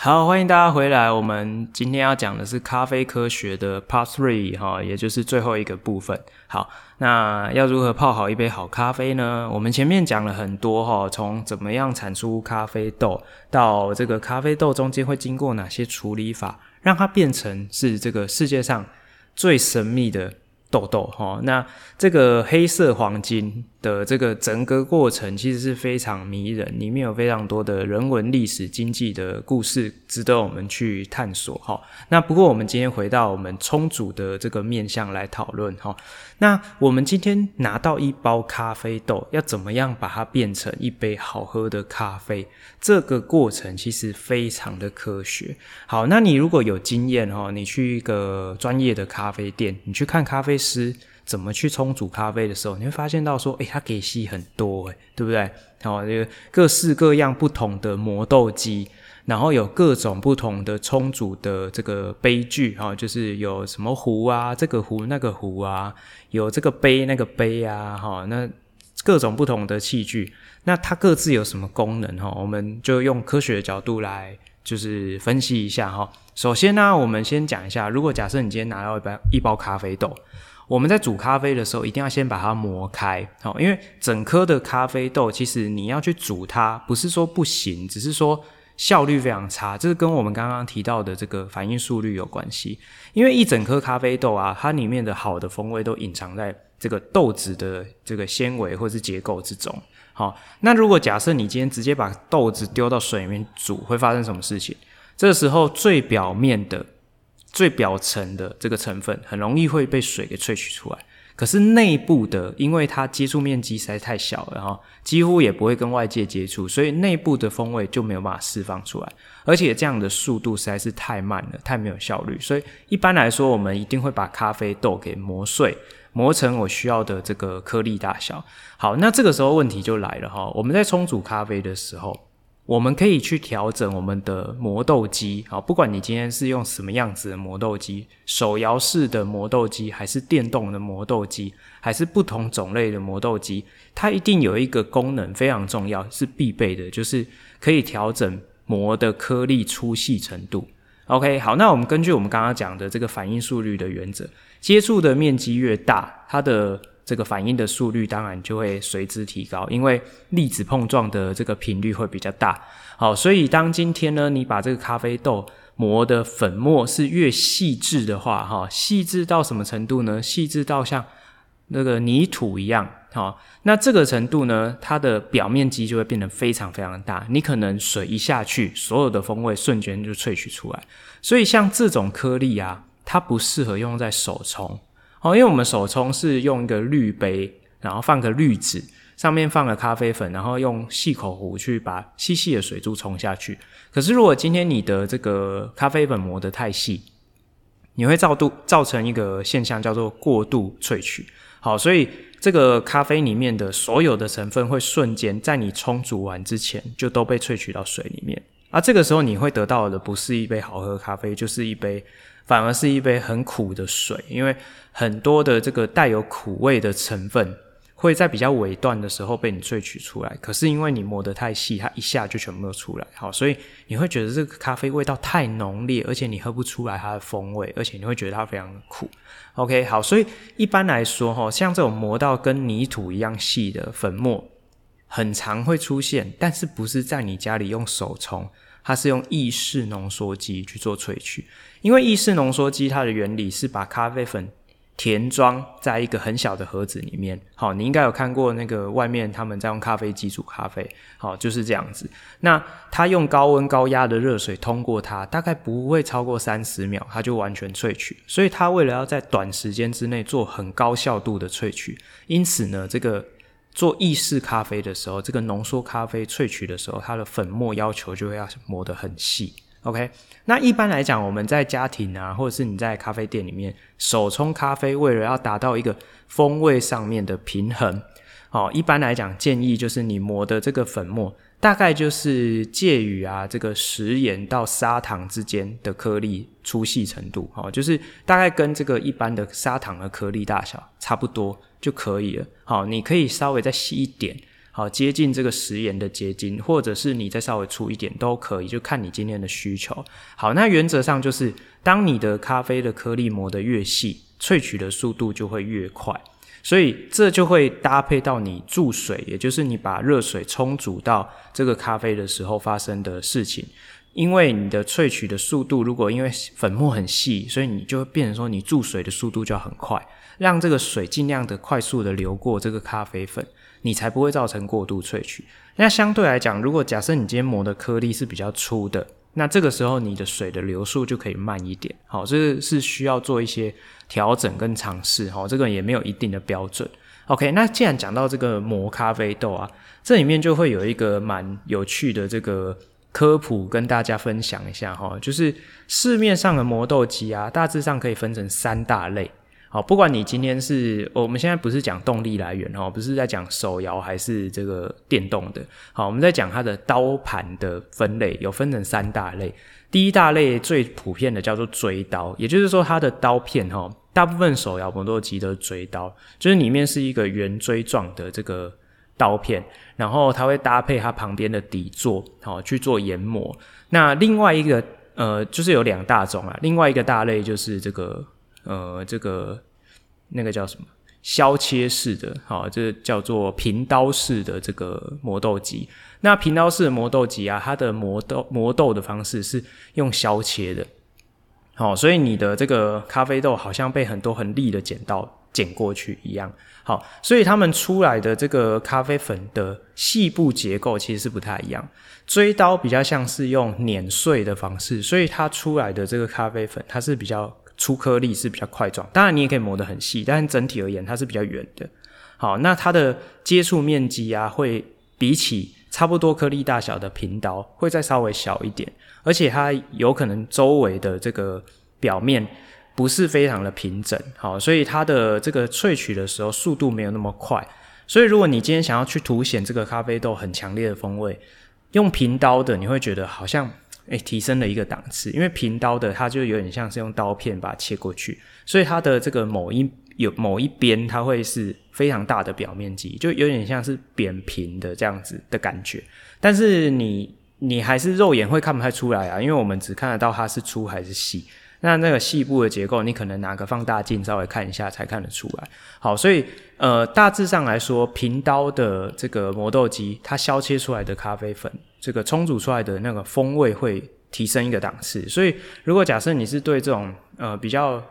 好，歡迎大家回來。我們今天要講的是咖啡科學的 Part Three 哈，也就是最後一個部分。好，那要如何泡好一杯好咖啡呢？我們前面講了很多哈，從怎麼樣產出咖啡豆，到這個咖啡豆中間會經過哪些處理法，讓它變成是這個世界上最神秘的豆豆齁，那這個黑色黃金的這個整個過程其實是非常迷人，裡面有非常多的人文、歷史、經濟的故事，值得我們去探索齁。那不過我們今天回到我們沖煮的這個面向來討論齁。那我們今天拿到一包咖啡豆，要怎麼樣把它變成一杯好喝的咖啡？這個過程其實非常的科學。好，那你如果有經驗齁，你去一個專業的咖啡店，你去看咖啡。師怎麼去沖煮咖啡的時候，你會發現到說，哎、欸，它可以吸很多，對不對、哦？各式各樣不同的磨豆機，然後有各種不同的沖煮的這個杯具，哈、哦，就是有什麼壺啊，這個壺那個壺啊，有這個杯那個杯啊，哈、哦，那各種不同的器具，那它各自有什麼功能？哈、哦，我們就用科學的角度來就是分析一下，哈、哦。首先呢、啊，我們先講一下，如果假設你今天拿到一包，一包咖啡豆。我們在煮咖啡的時候，一定要先把它磨開，好，哦，因為整顆的咖啡豆，其實你要去煮它，不是說不行，只是說效率非常差，這是跟我們剛剛提到的這個反應速率有關係。因為一整顆咖啡豆啊，它裡面的好的風味都隱藏在這個豆子的這個纖維或是結構之中。好，哦，那如果假設你今天直接把豆子丟到水裡面煮，會發生什麼事情？這個時候最表面的。最表層的這個成分很容易會被水給萃取出來，可是內部的，因為它接觸面積實在太小了哈，幾乎也不會跟外界接觸，所以內部的風味就沒有辦法釋放出來，而且這樣的速度實在是太慢了，太沒有效率。所以一般來說，我們一定會把咖啡豆給磨碎，磨成我需要的這個顆粒大小。好，那這個時候問題就來了哈，我們在沖煮咖啡的時候。我們可以去調整我們的磨豆機，好，不管你今天是用什麼樣子的磨豆機，手搖式的磨豆機，還是電動的磨豆機，還是不同種類的磨豆機，它一定有一個功能非常重要，是必備的，就是可以調整磨的顆粒粗細程度。OK，好，那我們根據我們剛剛講的這個反應速率的原則，接觸的面積越大，它的。這個反應的速率當然就會隨之提高，因為粒子碰撞的這個頻率會比較大。好，所以當今天呢，你把這個咖啡豆磨的粉末是越細緻的話，哈，細緻到什麼程度呢？細緻到像那個泥土一樣。好，那這個程度呢，它的表面積就會變得非常非常大。你可能水一下去，所有的風味瞬間就萃取出來。所以像這種顆粒啊，它不適合用在手沖，好，因為我們手沖是用一個濾杯，然後放個濾紙，上面放個咖啡粉，然後用細口壺去把細細的水柱沖下去。可是，如果今天你的這個咖啡粉磨得太細，你會造度造成一個現象叫做過度萃取。好，所以這個咖啡裡面的所有的成分會瞬間在你沖煮完之前就都被萃取到水裡面。啊，這個時候你會得到的不是一杯好喝咖啡，就是一杯，反而是一杯很苦的水，因為。很多的這個帶有苦味的成分會在比較尾段的時候被你萃取出來，可是因為你磨得太細，它一下就全部都出來。好，所以你會覺得這個咖啡味道太濃烈，而且你喝不出來它的風味，而且你會覺得它非常的苦。OK，好，所以一般來說，像這種磨到跟泥土一樣細的粉末，很常會出現，但是不是在你家裡用手沖，它是用意式濃縮機去做萃取，因為意式濃縮機它的原理是把咖啡粉。填裝在一個很小的盒子裡面，好，你應該有看過那個外面他們在用咖啡機煮咖啡，好，就是這樣子。那它用高溫高壓的熱水通過它，大概不會超過三十秒，它就完全萃取。所以它為了要在短時間之內做很高效度的萃取，因此呢，這個做意式咖啡的時候，這個濃縮咖啡萃取的時候，它的粉末要求就會要磨得很細。OK，那一般來講，我們在家庭啊，或者是你在咖啡店裡面手沖咖啡，為了要達到一個風味上面的平衡，哦，一般來講建議就是你磨的這個粉末，大概就是介於啊這個食鹽到砂糖之間的顆粒粗細程度，哦，就是大概跟這個一般的砂糖的顆粒大小差不多就可以了。好，哦，你可以稍微再細一點。好，接近這個食鹽的結晶，或者是你再稍微粗一點都可以，就看你今天的需求。好，那原則上就是，當你的咖啡的顆粒磨得越細，萃取的速度就會越快，所以這就會搭配到你注水，也就是你把熱水沖煮到這個咖啡的時候發生的事情。因為你的萃取的速度，如果因為粉末很細，所以你就會變成說，你注水的速度就要很快，讓這個水盡量的快速的流過這個咖啡粉。你才不會造成過度萃取。那相對來講，如果假設你今天磨的顆粒是比較粗的，那這個時候你的水的流速就可以慢一點。好，哦，這，就是是需要做一些調整跟嘗試，哦。這個也沒有一定的標準。OK，那既然講到這個磨咖啡豆啊，這裡面就會有一個蠻有趣的這個科普跟大家分享一下。哈，哦，就是市面上的磨豆機啊，大致上可以分成三大類。好，不管你今天是，哦、我們現在不是講動力來源哈、哦，不是在講手搖還是這個電動的。好、哦，我們在講它的刀盤的分類，有分成三大類。第一大類最普遍的叫做錐刀，也就是說它的刀片哈、哦，大部分手搖磨豆機都是錐刀，就是裡面是一個圓錐狀的這個刀片，然後它會搭配它旁邊的底座哈、哦、去做研磨。那另外一個呃，就是有兩大種啊，另外一個大類就是這個。呃，這個那個叫什麼削切式的，好，這叫做平刀式的這個磨豆機。那平刀式的磨豆機啊，它的磨豆磨豆的方式是用削切的，好，所以你的這個咖啡豆好像被很多很利的剪刀剪過去一樣。好，所以他們出來的這個咖啡粉的細部結構其實是不太一樣。錐刀比較像是用碾碎的方式，所以它出來的這個咖啡粉它是比較。粗顆粒是比較塊狀，當然你也可以磨得很細，但是整體而言它是比較圓的。好，那它的接觸面積啊，會比起差不多顆粒大小的平刀會再稍微小一點，而且它有可能周圍的這個表面不是非常的平整，好，所以它的這個萃取的時候速度沒有那麼快。所以如果你今天想要去凸顯這個咖啡豆很強烈的風味，用平刀的你會覺得好像。誒、欸，提升了一個檔次，因為平刀的它就有點像是用刀片把它切過去，所以它的這個某一有某一邊，它會是非常大的表面積，就有點像是扁平的這樣子的感覺。但是你你還是肉眼會看不太出來啊，因為我們只看得到它是粗還是細。那那個細部的結構，你可能拿個放大鏡稍微看一下才看得出來。好，所以呃，大致上來說，平刀的這個磨豆機，它削切出來的咖啡粉。這個沖煮出來的那個風味會提升一個檔次，所以如果假設你是對這種呃比較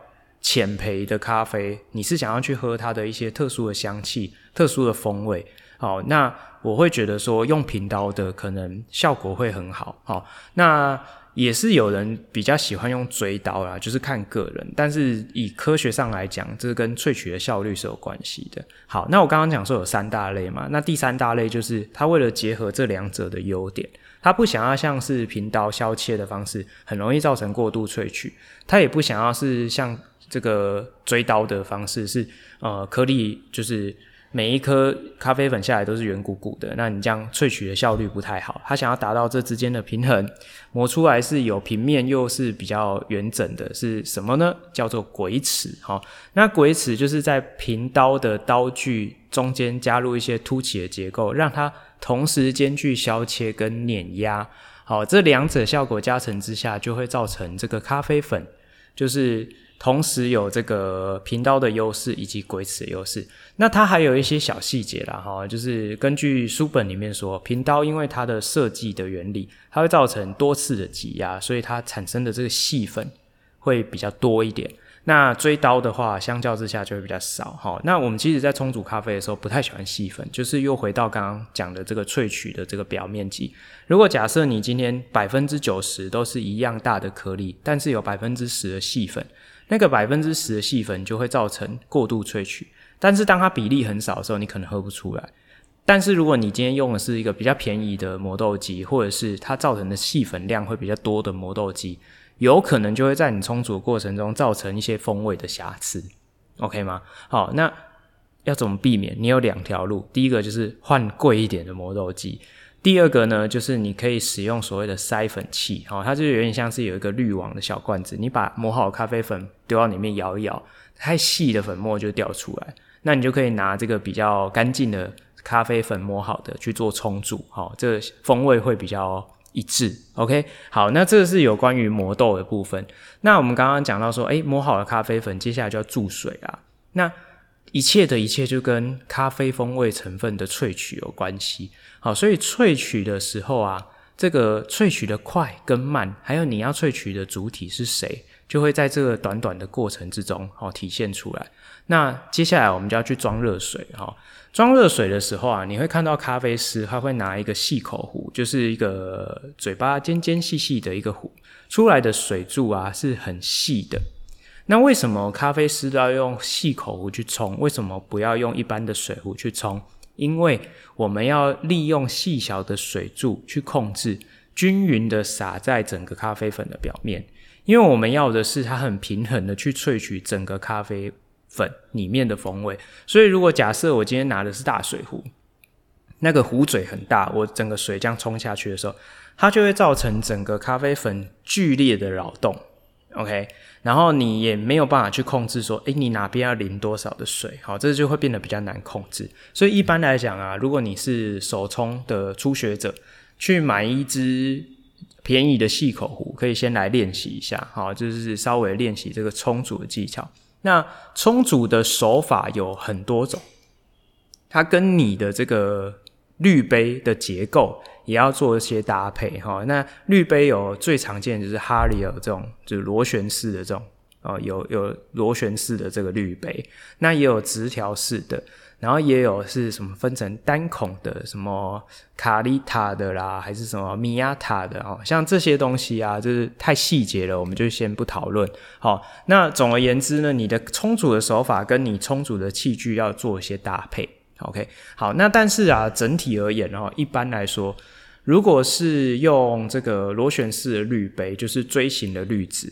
淺焙的咖啡，你是想要去喝它的一些特殊的香氣、特殊的風味，好、哦，那我會覺得說用平刀的可能效果會很好，好、哦、那。也是有人比較喜歡用錐刀啦，就是看個人。但是以科學上來講，這、就是、跟萃取的效率是有關係的。好，那我剛剛講說有三大類嘛，那第三大類就是他為了結合這兩者的優點，他不想要像是平刀削切的方式，很容易造成過度萃取；他也不想要是像這個錐刀的方式是，是呃顆粒就是。每一顆咖啡粉下來都是圓鼓鼓的，那你這樣萃取的效率不太好。他想要達到這之間的平衡，磨出來是有平面又是比較圓整的，是什麼呢？叫做鬼齒哈。那鬼齒就是在平刀的刀具中間加入一些凸起的結構，讓它同時兼具削切跟碾壓。好，這兩者效果加成之下，就會造成這個咖啡粉就是。同時有這個平刀的優勢以及鬼齒的優勢，那它還有一些小細節啦哈，就是根據書本裡面說，平刀因為它的設計的原理，它會造成多次的擠壓，所以它產生的這個細粉會比較多一點。那錐刀的話，相較之下就會比較少哈。那我們其實，在沖煮咖啡的時候，不太喜歡細粉，就是又回到剛剛講的這個萃取的這個表面積。如果假設你今天百分之九十都是一樣大的顆粒，但是有百分之十的細粉。那個百分之十的細粉就會造成過度萃取，但是當它比例很少的時候，你可能喝不出來。但是如果你今天用的是一個比較便宜的磨豆機，或者是它造成的細粉量會比較多的磨豆機，有可能就會在你沖煮過程中造成一些風味的瑕疵，OK 嗎？好，那要怎麼避免？你有兩條路，第一個就是換貴一點的磨豆機。第二個呢，就是你可以使用所謂的篩粉器，哦，它就有點像是有一個濾網的小罐子，你把磨好的咖啡粉丟到裡面搖一搖，太細的粉末就掉出來，那你就可以拿這個比較乾淨的咖啡粉磨好的去做沖煮，好，哦，這個，風味會比較一致。OK，好，那這是有關於磨豆的部分。那我們剛剛講到說，哎、欸，磨好的咖啡粉接下來就要注水啊，那。一切的一切就跟咖啡風味成分的萃取有關係。好，所以萃取的時候啊，這個萃取的快跟慢，還有你要萃取的主體是誰，就會在這個短短的過程之中，好，體現出來。那接下來我們就要去裝熱水好。裝熱水的時候啊，你會看到咖啡師他會拿一個細口壺，就是一個嘴巴尖尖細細的一個壺，出來的水柱啊是很細的。那為什麼咖啡師都要用細口壺去沖？為什麼不要用一般的水壺去沖？因為我們要利用細小的水柱去控制，均勻地灑在整個咖啡粉的表面。因為我們要的是它很平衡地去萃取整個咖啡粉裡面的風味。所以如果假設我今天拿的是大水壺，那個壺嘴很大，我整個水這樣沖下去的時候，它就會造成整個咖啡粉劇烈的擾動。OK。然後你也沒有辦法去控制說，哎，你哪邊要淋多少的水，好，這就會變得比較難控制。所以一般來講啊，如果你是手沖的初學者，去買一支便宜的細口壺，可以先來練習一下，好，就是稍微練習這個沖煮的技巧。那沖煮的手法有很多種，它跟你的這個。濾杯的結構也要做一些搭配哈、哦。那濾杯有最常見的就是 Hario 這種，就是螺旋式的這種哦，有有螺旋式的這個濾杯，那也有直條式的，然後也有是什麼分成單孔的什麼卡利塔的啦，還是什麼米亞塔的哦，像這些東西啊，就是太細節了，我們就先不討論。好、哦，那總而言之呢，你的沖煮的手法跟你沖煮的器具要做一些搭配。OK，好，那但是啊，整體而言，一般來說，如果是用這個螺旋式的濾杯，就是錐形的濾紙，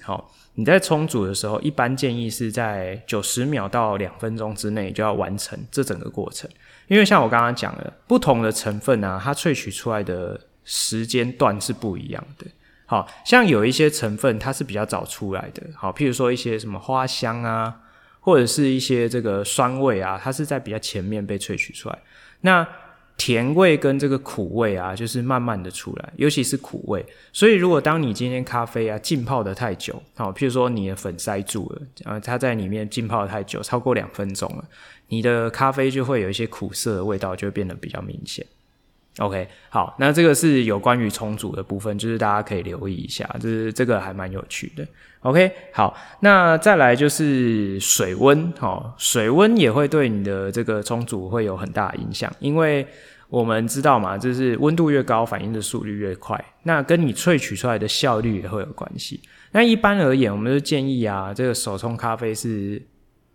你在沖煮的時候，一般建議是在九十秒到兩分鐘之內就要完成這整個過程，因為像我剛剛講的，不同的成分啊，它萃取出來的時間段是不一樣的。好，像有一些成分它是比較早出來的，好，譬如說一些什麼花香啊。或者是一些這個酸味啊，它是在比較前面被萃取出來。那甜味跟這個苦味啊，就是慢慢的出來，尤其是苦味。所以如果當你今天咖啡啊浸泡的太久，好，譬如說你的粉塞住了，呃，它在裡面浸泡太久，超過兩分鐘了，你的咖啡就會有一些苦澀的味道，就會變得比較明顯。OK，好，那這個是有關於沖煮的部分，就是大家可以留意一下，就是這個還蠻有趣的。OK，好，那再來就是水溫，哦。水溫也會對你的這個沖煮會有很大的影響，因為我們知道嘛，就是溫度越高，反應的速率越快，那跟你萃取出來的效率也會有關係。那一般而言，我們就建議啊，這個手沖咖啡是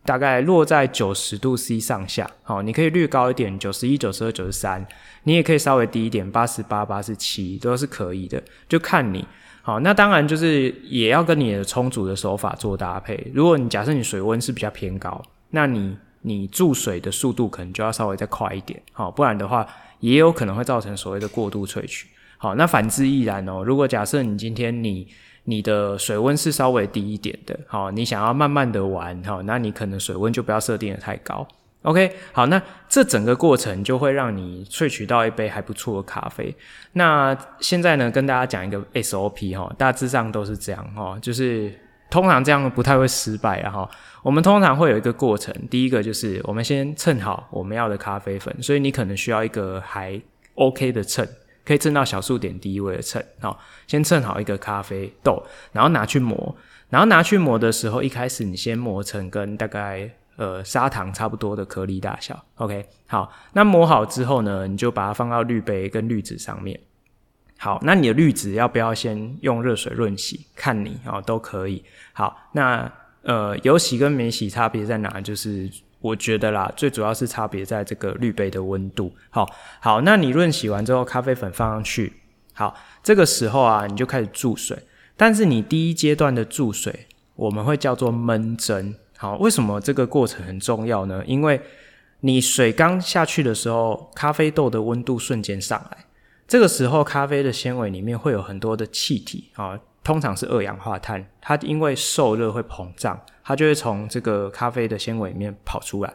大概落在九十度 C 上下，哦，你可以略高一點，九十一、九十二、九十三，你也可以稍微低一點，八十八、八十七，都是可以的，就看你。好，那當然就是也要跟你的沖煮的手法做搭配。如果你假設你水溫是比較偏高，那你你注水的速度可能就要稍微再快一點，好，不然的話也有可能會造成所謂的過度萃取。好，那反之亦然哦。如果假設你今天你你的水溫是稍微低一點的，好，你想要慢慢的玩，好，那你可能水溫就不要設定得太高。OK，好，那這整個過程就會讓你萃取到一杯還不錯的咖啡。那現在呢，跟大家講一個 SOP 哈、哦，大致上都是這樣哈、哦，就是通常這樣不太會失敗啊哈、哦。我們通常會有一個過程，第一個就是我們先稱好我們要的咖啡粉，所以你可能需要一個還 OK 的秤，可以稱到小數點第一位的秤哈、哦，先稱好一個咖啡豆，然後拿去磨，然後拿去磨的時候，一開始你先磨成跟大概。呃，砂糖差不多的顆粒大小，OK，好，那磨好之後呢，你就把它放到濾杯跟濾紙上面。好，那你的濾紙要不要先用熱水潤洗？看你啊，哦，都可以。好，那呃，有洗跟沒洗差別在哪？就是我覺得啦，最主要是差別在這個濾杯的溫度。好好，那你潤洗完之後，咖啡粉放上去。好，這個時候啊，你就開始注水。但是你第一階段的注水，我們會叫做悶蒸。好，為什麼這個過程很重要呢？因為，你水剛下去的時候，咖啡豆的溫度瞬間上來，這個時候咖啡的纖維裡面會有很多的氣體啊，通常是二氧化碳，它因為受熱會膨脹，它就會從這個咖啡的纖維裡面跑出來。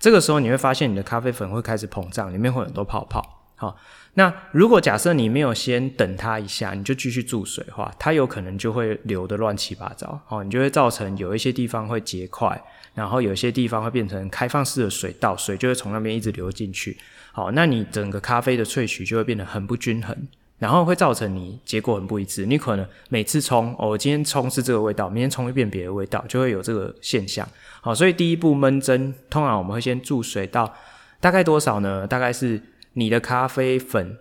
這個時候你會發現你的咖啡粉會開始膨脹，裡面會有很多泡泡。好，那如果假設你沒有先等它一下，你就繼續注水的話，它有可能就會流得亂七八糟。好、哦，你就會造成有一些地方會結塊，然後有些地方會變成開放式的水道，水就會從那邊一直流進去。好，那你整個咖啡的萃取就會變得很不均衡，然後會造成你結果很不一致。你可能每次沖，哦，今天沖是這個味道，明天沖一遍別的味道，就會有這個現象。好，所以第一步悶蒸，通常我們會先注水到大概多少呢？大概是。你的咖啡粉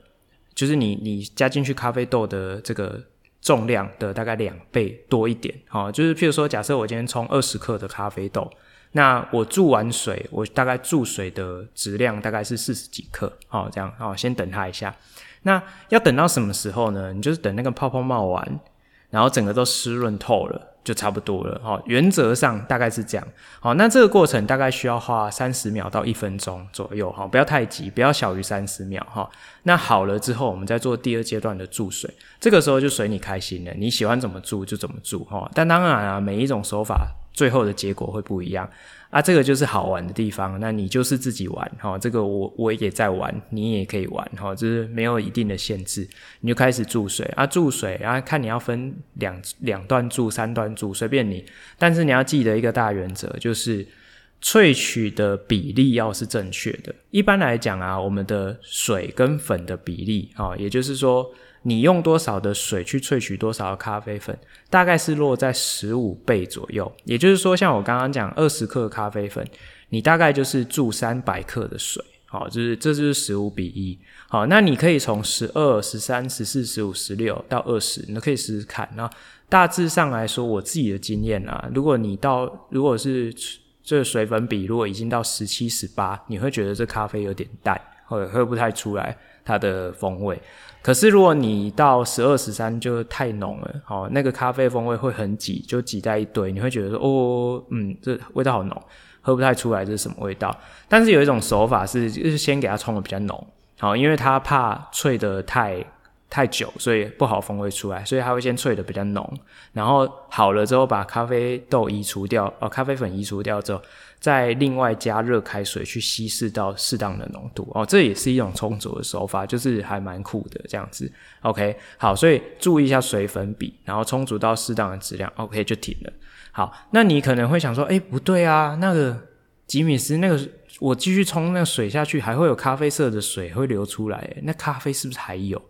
就是你你加進去咖啡豆的這個重量的大概兩倍多一點哦，就是譬如說，假設我今天沖二十克的咖啡豆，那我注完水，我大概注水的質量大概是四十幾克哦，這樣哦，先等它一下。那要等到什麼時候呢？你就是等那個泡泡冒完，然後整個都濕潤透了。就差不多了哈，原則上大概是這樣。好，那這個過程大概需要花三十秒到一分鐘左右哈，不要太急，不要小於三十秒哈。那好了之後，我們再做第二階段的注水，這個時候就隨你開心了，你喜歡怎麼注就怎麼注哈。但當然啊，每一種手法最後的結果會不一樣。啊，這個就是好玩的地方。那你就是自己玩，齁，這個我我也在玩，你也可以玩，齁，就是沒有一定的限制，你就開始注水啊，注水啊，看你要分兩兩段注，三段注，隨便你。但是你要記得一個大原則，就是萃取的比例要是正確的。一般來講啊，我們的水跟粉的比例齁，也就是說，你用多少的水去萃取多少的咖啡粉，大概是落在十五倍左右。也就是說，像我剛剛講，二十克咖啡粉，你大概就是注三百克的水，好，就是這就是十五比一。好，那你可以從十二、十三、十四、十五、十六到二十，你可以試試看。那大致上來說，我自己的經驗啊，如果你到如果是這個水粉比，如果已經到十七、十八，你會覺得這咖啡有點淡，或者喝不太出來。它的風味，可是如果你到十二、十三就太濃了，好，那個咖啡風味會很擠，就擠在一堆，你會覺得說，哦，嗯，這味道好濃，喝不太出來這是什麼味道。但是有一種手法是，就是先給它沖得比較濃，好，因為它怕萃得太太久，所以不好風味出來，所以它會先萃得比較濃，然後好了之後把咖啡豆移除掉，哦，咖啡粉移除掉之後。再另外加熱開水去稀釋到適當的濃度哦，這也是一種沖煮的手法，就是還蠻酷的這樣子。OK，好，所以注意一下水粉比，然後沖煮到適當的質量，OK 就停了。好，那你可能會想說，哎、欸，不對啊，那個吉米師那個，我繼續沖那個水下去，還會有咖啡色的水會流出來，那咖啡是不是還有？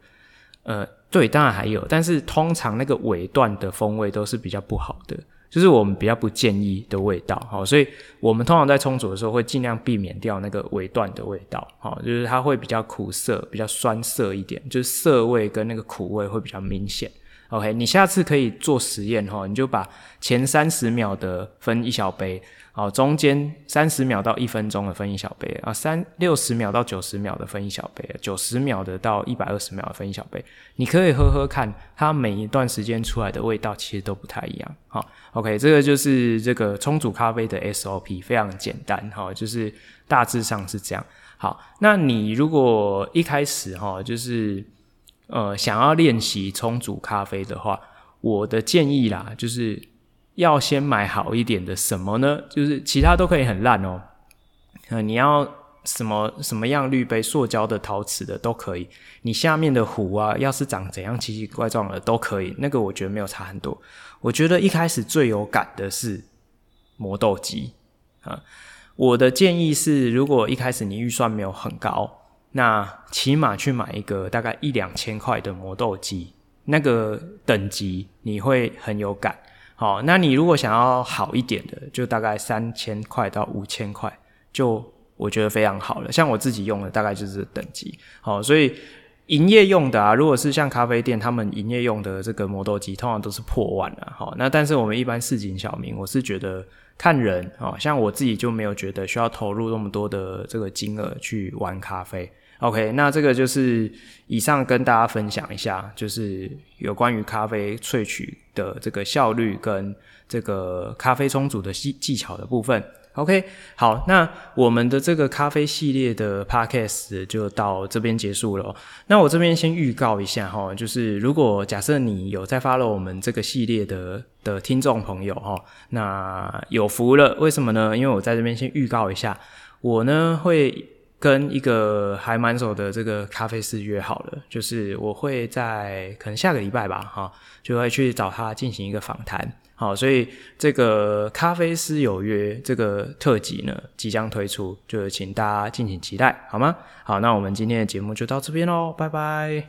呃，對，當然還有，但是通常那個尾段的風味都是比較不好的。就是我們比較不建議的味道，所以我們通常在沖煮的時候會盡量避免掉那個尾段的味道，就是它會比較苦澀、比較酸澀一點，就是澀味跟那個苦味會比較明顯。OK，你下次可以做實驗，你就把前三十秒的分一小杯。好，中間三十秒到一分鐘的分一小杯啊，三六十秒到九十秒的分一小杯，九十秒的到一百二十秒的分一小杯，你可以喝喝看，它每一段時間出來的味道其實都不太一樣。好，OK，這個就是這個沖煮咖啡的 SOP，非常簡單。哈，就是大致上是這樣。好，那你如果一開始哈，就是呃想要練習沖煮咖啡的話，我的建議啦，就是。要先買好一點的什麼呢？就是其他都可以很爛哦、喔。呃、嗯，你要什麼什麼樣濾杯，塑膠的、陶瓷的都可以。你下面的壺啊，要是長怎樣奇奇怪狀的都可以。那個我覺得沒有差很多。我覺得一開始最有感的是磨豆機啊。我的建議是，如果一開始你預算沒有很高，那起碼去買一個大概一兩千塊的磨豆機，那個等級你會很有感。好，那你如果想要好一點的，就大概三千塊到五千塊，就我覺得非常好了。像我自己用的，大概就是等級。好，所以營業用的啊，如果是像咖啡店，他們營業用的這個磨豆機，通常都是破萬的啊。好，那但是我們一般市井小民，我是覺得看人。好，像我自己就沒有覺得需要投入那麼多的這個金額去玩咖啡。OK，那這個就是以上跟大家分享一下，就是有關於咖啡萃取的這個效率跟這個咖啡沖煮的技巧的部分。OK，好，那我們的這個咖啡系列的 Podcast 就到這邊結束了。那我這邊先預告一下哈，就是如果假設你有在 follow 我們這個系列的的聽眾朋友哈，那有福了。為什麼呢？因為我在這邊先預告一下，我呢會。跟一個還蠻熟的這個咖啡師約好了，就是我會在可能下個禮拜吧，哈，就會去找他進行一個訪談。好，所以這個咖啡師有約這個特輯呢，即將推出，就請大家敬請期待，好嗎？好，那我們今天的節目就到這邊嘍，拜拜。